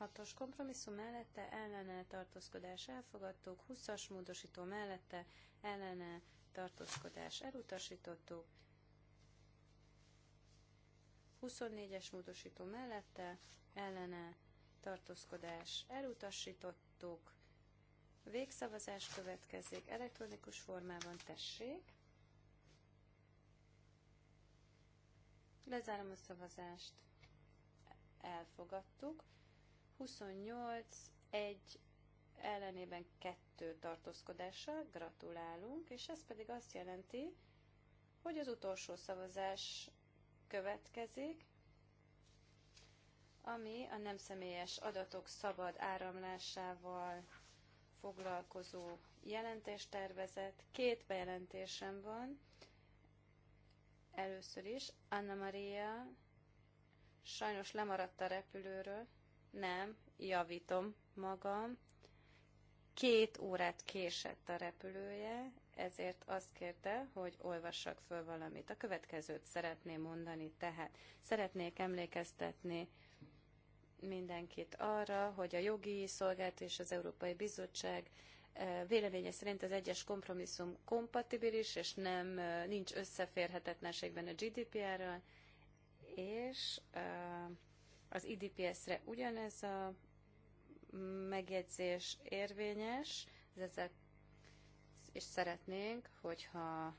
6-os kompromisszum mellette ellene tartózkodás elfogadtuk, 20-as módosító mellette ellene tartózkodás elutasítottuk, 24-es módosító mellette ellene tartózkodás elutasítottuk, végszavazás következik elektronikus formában, tessék. Lezárom a szavazást. Elfogadtuk. 28, 1 ellenében 2 tartózkodása, gratulálunk, és ez pedig azt jelenti, hogy az utolsó szavazás következik, ami a nem személyes adatok szabad áramlásával foglalkozó jelentéstervezet. Két bejelentésem van. Először is Anna Maria sajnos lemaradt a repülőről, nem, javítom magam. Két órát késett a repülője, ezért azt kérte, hogy olvassak föl valamit. A következőt szeretném mondani, tehát szeretnék emlékeztetni mindenkit arra, hogy a jogi szolgált és az Európai Bizottság eh, véleménye szerint az egyes kompromisszum kompatibilis, és nem eh, nincs összeférhetetlenségben a GDPR-ral, és eh, az IDPS-re ugyanez a megjegyzés érvényes, ezek és szeretnénk, hogyha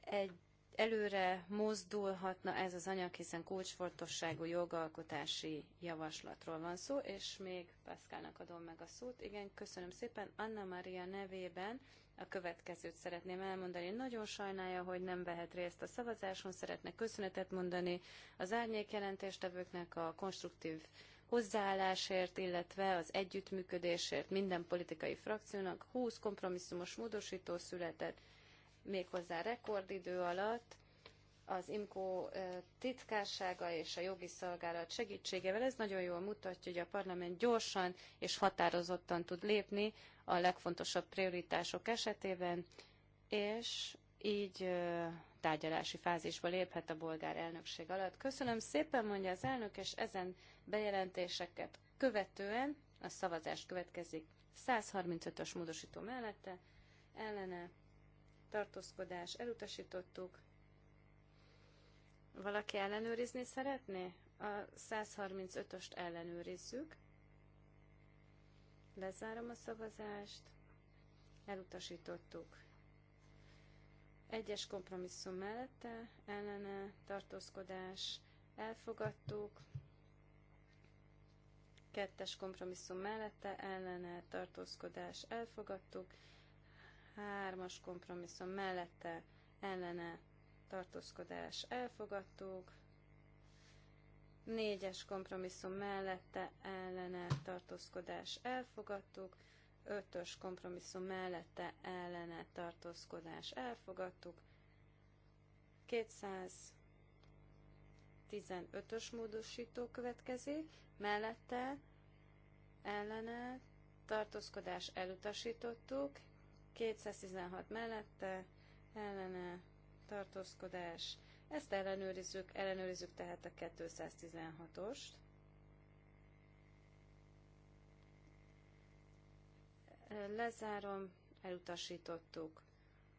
egy előre mozdulhatna ez az anyag, hiszen kulcsfontosságú jogalkotási javaslatról van szó, és még Pászkálnak adom meg a szót. Igen, köszönöm szépen. Anna Maria nevében a következőt szeretném elmondani. Nagyon sajnálja, hogy nem vehet részt a szavazáson, szeretne köszönetet mondani az árnyék jelentéstevőknek a konstruktív hozzáállásért, illetve az együttműködésért minden politikai frakciónak. 20 kompromisszumos módosító született, méghozzá rekordidő alatt, az IMCO titkársága és a jogi szolgálat segítségével. Ez nagyon jól mutatja, hogy a parlament gyorsan és határozottan tud lépni a legfontosabb prioritások esetében, és így tárgyalási fázisba léphet a bolgár elnökség alatt. Köszönöm szépen, mondja az elnök, és ezen bejelentéseket követően a szavazás következik 135-ös módosító mellette, ellene tartózkodás elutasítottuk. Valaki ellenőrizni szeretné? A 135-öst ellenőrizzük. Lezárom a szavazást. Elutasítottuk. Egyes kompromisszum mellette ellene tartózkodás elfogadtuk. Kettes kompromisszum mellette ellene tartózkodás elfogadtuk hármas kompromisszum mellette ellene tartózkodás elfogadtuk, négyes kompromisszum mellette ellene tartózkodás elfogadtuk, ötös kompromisszum mellette ellene tartózkodás elfogadtuk, 215-ös módosító következik, mellette ellene tartózkodás elutasítottuk, 216 mellette, ellene, tartózkodás. Ezt ellenőrizzük, ellenőrizzük tehát a 216-ost. Lezárom, elutasítottuk.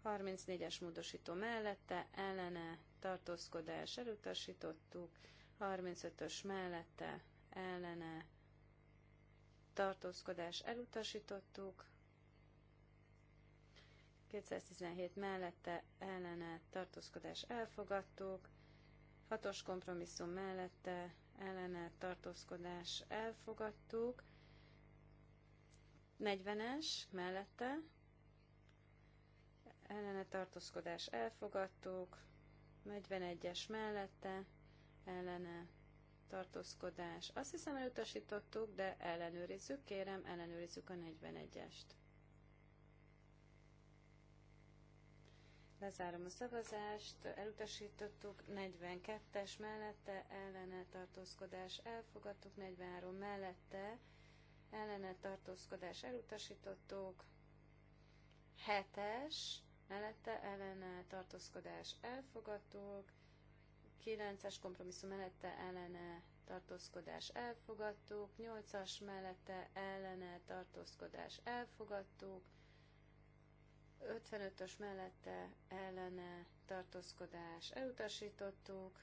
34-es módosító mellette, ellene, tartózkodás, elutasítottuk. 35-ös mellette, ellene, tartózkodás, elutasítottuk. 217 mellette ellene tartózkodás elfogadtuk, 6-os kompromisszum mellette ellene tartózkodás elfogadtuk, 40-es mellette ellene tartózkodás elfogadtuk, 41-es mellette ellene tartózkodás. Azt hiszem elutasítottuk, de ellenőrizzük, kérem, ellenőrizzük a 41-est. Lezárom a szavazást, elutasítottuk, 42-es mellette ellene tartózkodás elfogadtuk, 43 mellette ellene tartózkodás elutasítottuk, 7-es mellette ellene tartózkodás elfogadtuk, 9-es kompromisszum mellette ellene tartózkodás elfogadtuk, 8-as mellette ellene tartózkodás elfogadtuk, 55-ös mellette ellene tartózkodás elutasítottuk,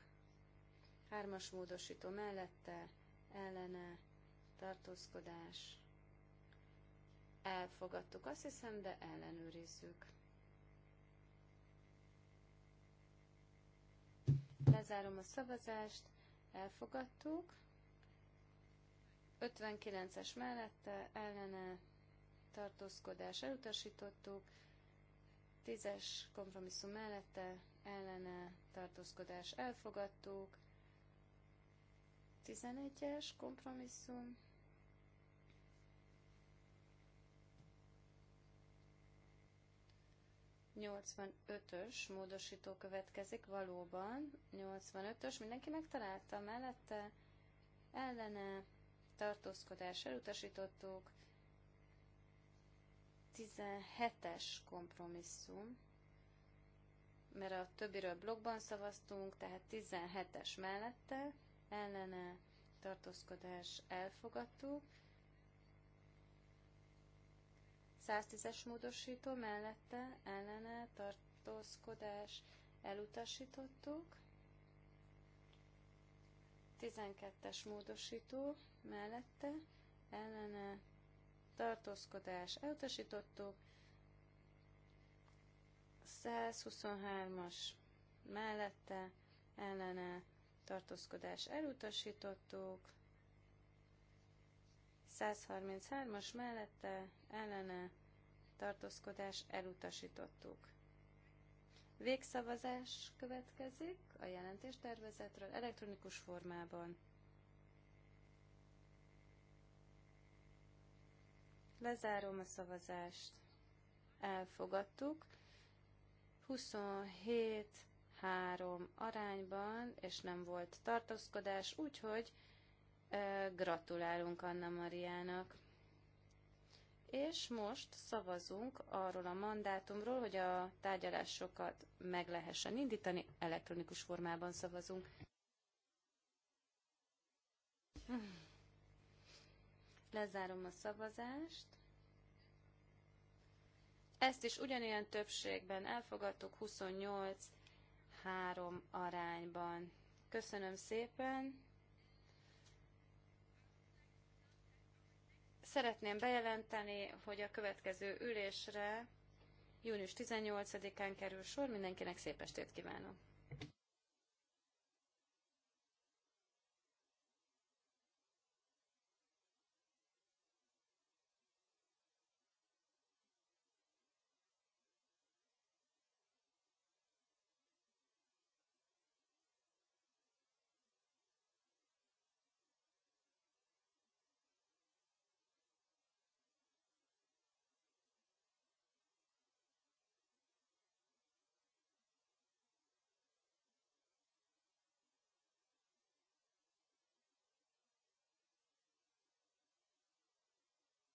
3-as módosító mellette ellene tartózkodás elfogadtuk, azt hiszem, de ellenőrizzük. Lezárom a szavazást, elfogadtuk. 59-es mellette ellene tartózkodás elutasítottuk, Tízes kompromisszum mellette ellene tartózkodás elfogadtuk. 11-es kompromisszum. Nyolcvanötös módosító következik, valóban 85-ös, mindenki megtalálta mellette, ellene tartózkodás elutasítottuk, 17-es kompromisszum, mert a többiről blogban szavaztunk, tehát 17-es mellette ellene tartózkodás elfogadtuk. 110-es módosító mellette ellene tartózkodás elutasítottuk. 12-es módosító mellette ellene tartózkodás elutasítottuk, 123-as mellette ellene tartózkodás elutasítottuk, 133-as mellette ellene tartózkodás elutasítottuk. Végszavazás következik a jelentéstervezetről elektronikus formában. Lezárom a szavazást. Elfogadtuk. 27 3 arányban, és nem volt tartózkodás, úgyhogy e, gratulálunk Anna Mariának. És most szavazunk arról a mandátumról, hogy a tárgyalásokat meg lehessen indítani, elektronikus formában szavazunk. Lezárom a szavazást. Ezt is ugyanilyen többségben elfogadtuk 28-3 arányban. Köszönöm szépen! Szeretném bejelenteni, hogy a következő ülésre június 18-án kerül sor. Mindenkinek szép estét kívánok!